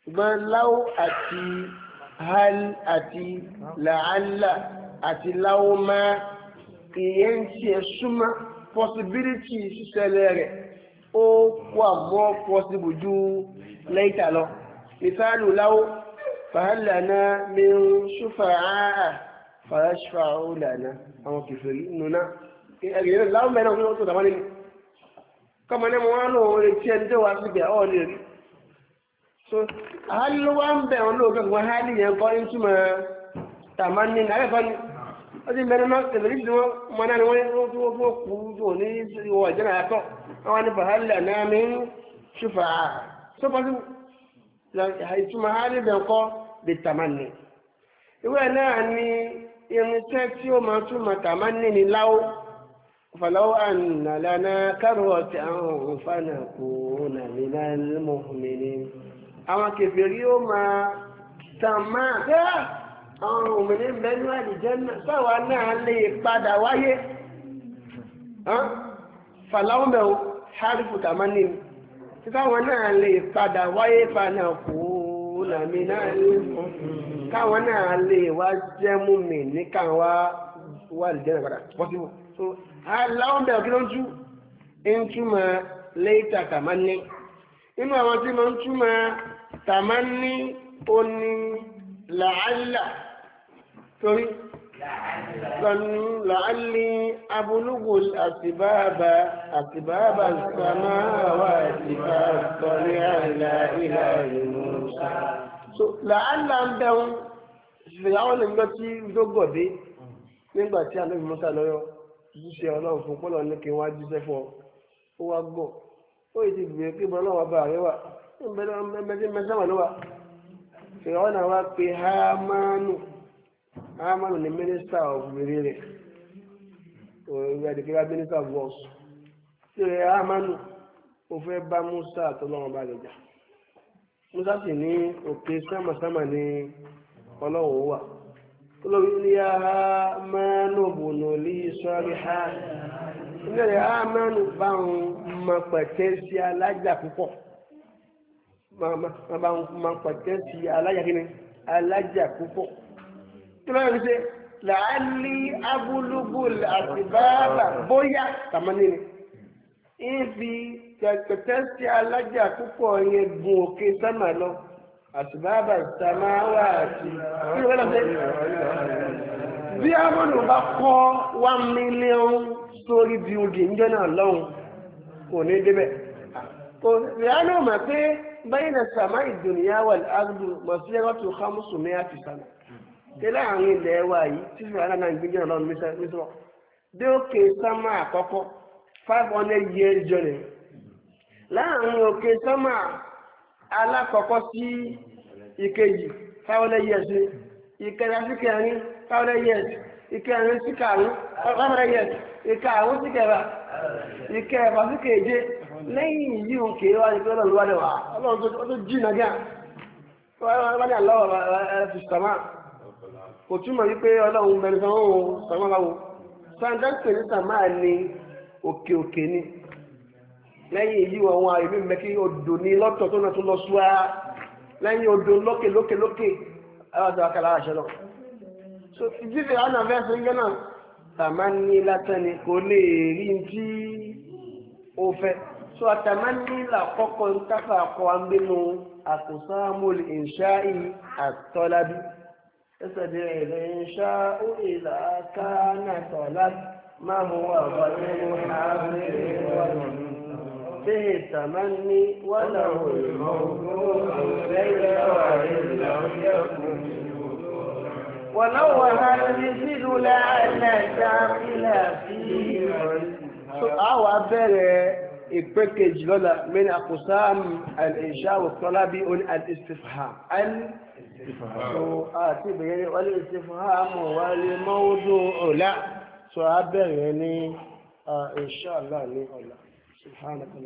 ṣùgbọ́n láwọ́ àti hal àti làálà àti láwọ́ máa ìyẹn ń ṣe súnmọ́ possibility ṣíṣẹlẹ̀ rẹ̀. ó wà a pọ́sibù ju lẹ́yìtà lọ ìfáàlù láwó fàhálànà mi ń ṣúfà áà fàáṣfà ó lànà àwọn kìfèrí nùnà ẹgbẹ̀rẹ̀ náà láwọn mẹ́rin ọkùnrin tó dàmọ́ nínú ní mo wá lò ó retí ẹni tó wá síbi ọ̀ ní so àhálì ló wá ń bẹ̀ wọn lóògbé hálì yẹn kọ́ ní wọ́n ti mẹ́rin náà tẹ̀lé tí wọ́n mọ náà ni wọ́n tó tó tó kú tó ní ìwọ̀ ìjẹ́nà àtọ̀ àwọn ní bàhálà náà mi ń ṣùfà tó pàṣẹ ìtumọ̀ hálì bẹ̀ kọ́ lè tàmá ni. ìwé náà ni irinṣẹ́ tí ó máa túmọ̀ tàmá ní ni láwó fàlàwọ́ ànàlànà kárọ̀ọ̀tì àwọn òǹfààní kò nàmínà mọ̀ọ́mìnì. àwọn kẹfẹ́ rí ó máa tàmá àwọn òmìnir mẹ́nu àlìjẹ́nà sáwa náà lè padà wáyé fàlàwọ́mẹ̀ o harifu tamani sáwa náà lè padà wáyé fana kú làmì náà lè káwa náà lè wá jẹ́mú mi ní káwa wá àlìjẹ́nà padà pọ́sibú so aláwọ̀mẹ̀ kí ló ń tú ń túmọ̀ lẹ́yìtà tamani inú àwọn tí wọ́n ń túmọ̀ tamani ó ní torí sọ̀nù làálí abúlúgbò àtibáàbà àtibáàbà sàmáwà àtibá sọ̀rí àìlà ìlà ìlú sá. so làálà ń bẹ̀rù ìfìyàwó lè lọ sí dógòdé nígbà tí alóbi mọ́tà lọ́yọ́ jíṣẹ́ ọlọ́run fún pọ́lọ́ ní kí n wá fún ọ ó wá gọ̀ ó yìí ti gbìyànjú pé bọ́lá wà bá rẹ wà ń bẹ́ẹ̀ mẹ́sàn-án ló wà ìfìyàwó náà wá pe hámánù. Amadu ni minister of Mirire. Òyìnbó wa minister of Wars. Ṣé Amadu ó fẹ́ bá Musa àtọ́lọ́wọ́n bá lè jà? Musa sì ní òkè sámàsámà ní ọlọ́wọ́ wà. Olórí ní Amánú bùnú lè sọ́rí ha. Ìbéèrè Amánú bá ń mọ pẹ̀tẹ́ sí alájà púpọ̀. Màmá bá ń mọ pẹ̀tẹ́ sí alájà kíni? Alájà púpọ̀ kí ló ń ṣe làálí abúlúgbùl àti báàbà bóyá tàmánì ni ìfi tẹ̀tẹ̀tẹ̀sí alájà púpọ̀ yẹn gun òkè sámà lọ àtùbáàbà ìsàmáwá àti kí ló ń ṣe bí amọ̀nù bá kọ́ one million story building ń jẹ́ náà lọ́hùn kò ní débẹ̀ kò rẹ́nu mọ̀ pé bẹ́yìn náà sàmá ìdùnnìyàwó àgbù mọ̀ sí ẹgbẹ́ tó kámúsùn ní àfìsàmà. ṣe láàrin ilẹ̀ wa yìí tí fún ara náà ń gbéjọ́ lọ́nu dé òkè sámà àkọ́kọ́ five hundred years journey láàrin òkè sámà alákọ̀ọ́kọ́ sí ìkejì five hundred years ni ìkẹta sí kẹrin five hundred years ìkẹrin sí karùn five hundred years ìkarùn sí kẹfà ìkẹfà sí keje lẹ́yìn yìí òkè wa ni lẹ́wà ọlọ́run tó jìnnà wọ́n wá ní àlọ́ ẹ̀ fi kò túmọ̀ wípé ọlọ́run bẹ̀rẹ̀ sọ wọn o sọmọ báwo sàǹdẹ́sì ní ni òkè òkè ni lẹ́yìn èyí àwọn àìrí mẹ́kí odò ní lọ́tọ̀ tó náà tó lọ súwá lẹ́yìn odò lókè lókè lókè aláwọ̀ àkàlà àṣẹ lọ. so ìdíje àwọn àfẹ́ ṣe ń gẹ́ náà sàmà ní látàn ni kò lè rí tí ó fẹ́ so àtàmà ní làkọ́kọ́ ń tàfà àkọ́ àgbẹ̀nu àkùsọ́ àmúlẹ̀ ìṣáì àtọ́lábí. استدع إن شاء إذا كان طلب ما هو غير حاضر به التمني وله الموضوع ليس وإن لم يكن ولو هل مثل لعل شاغلا فيه أو أبرئ الباكج لولا من أقسام الإنشاء والطلب الاستفهام àti ìbẹ̀rẹ̀ wọlé ti fún àmọ̀ wálé mọ́wódó ọ̀la tó a bẹ̀rẹ̀ ní insha Allah ní ọ̀la subhanaka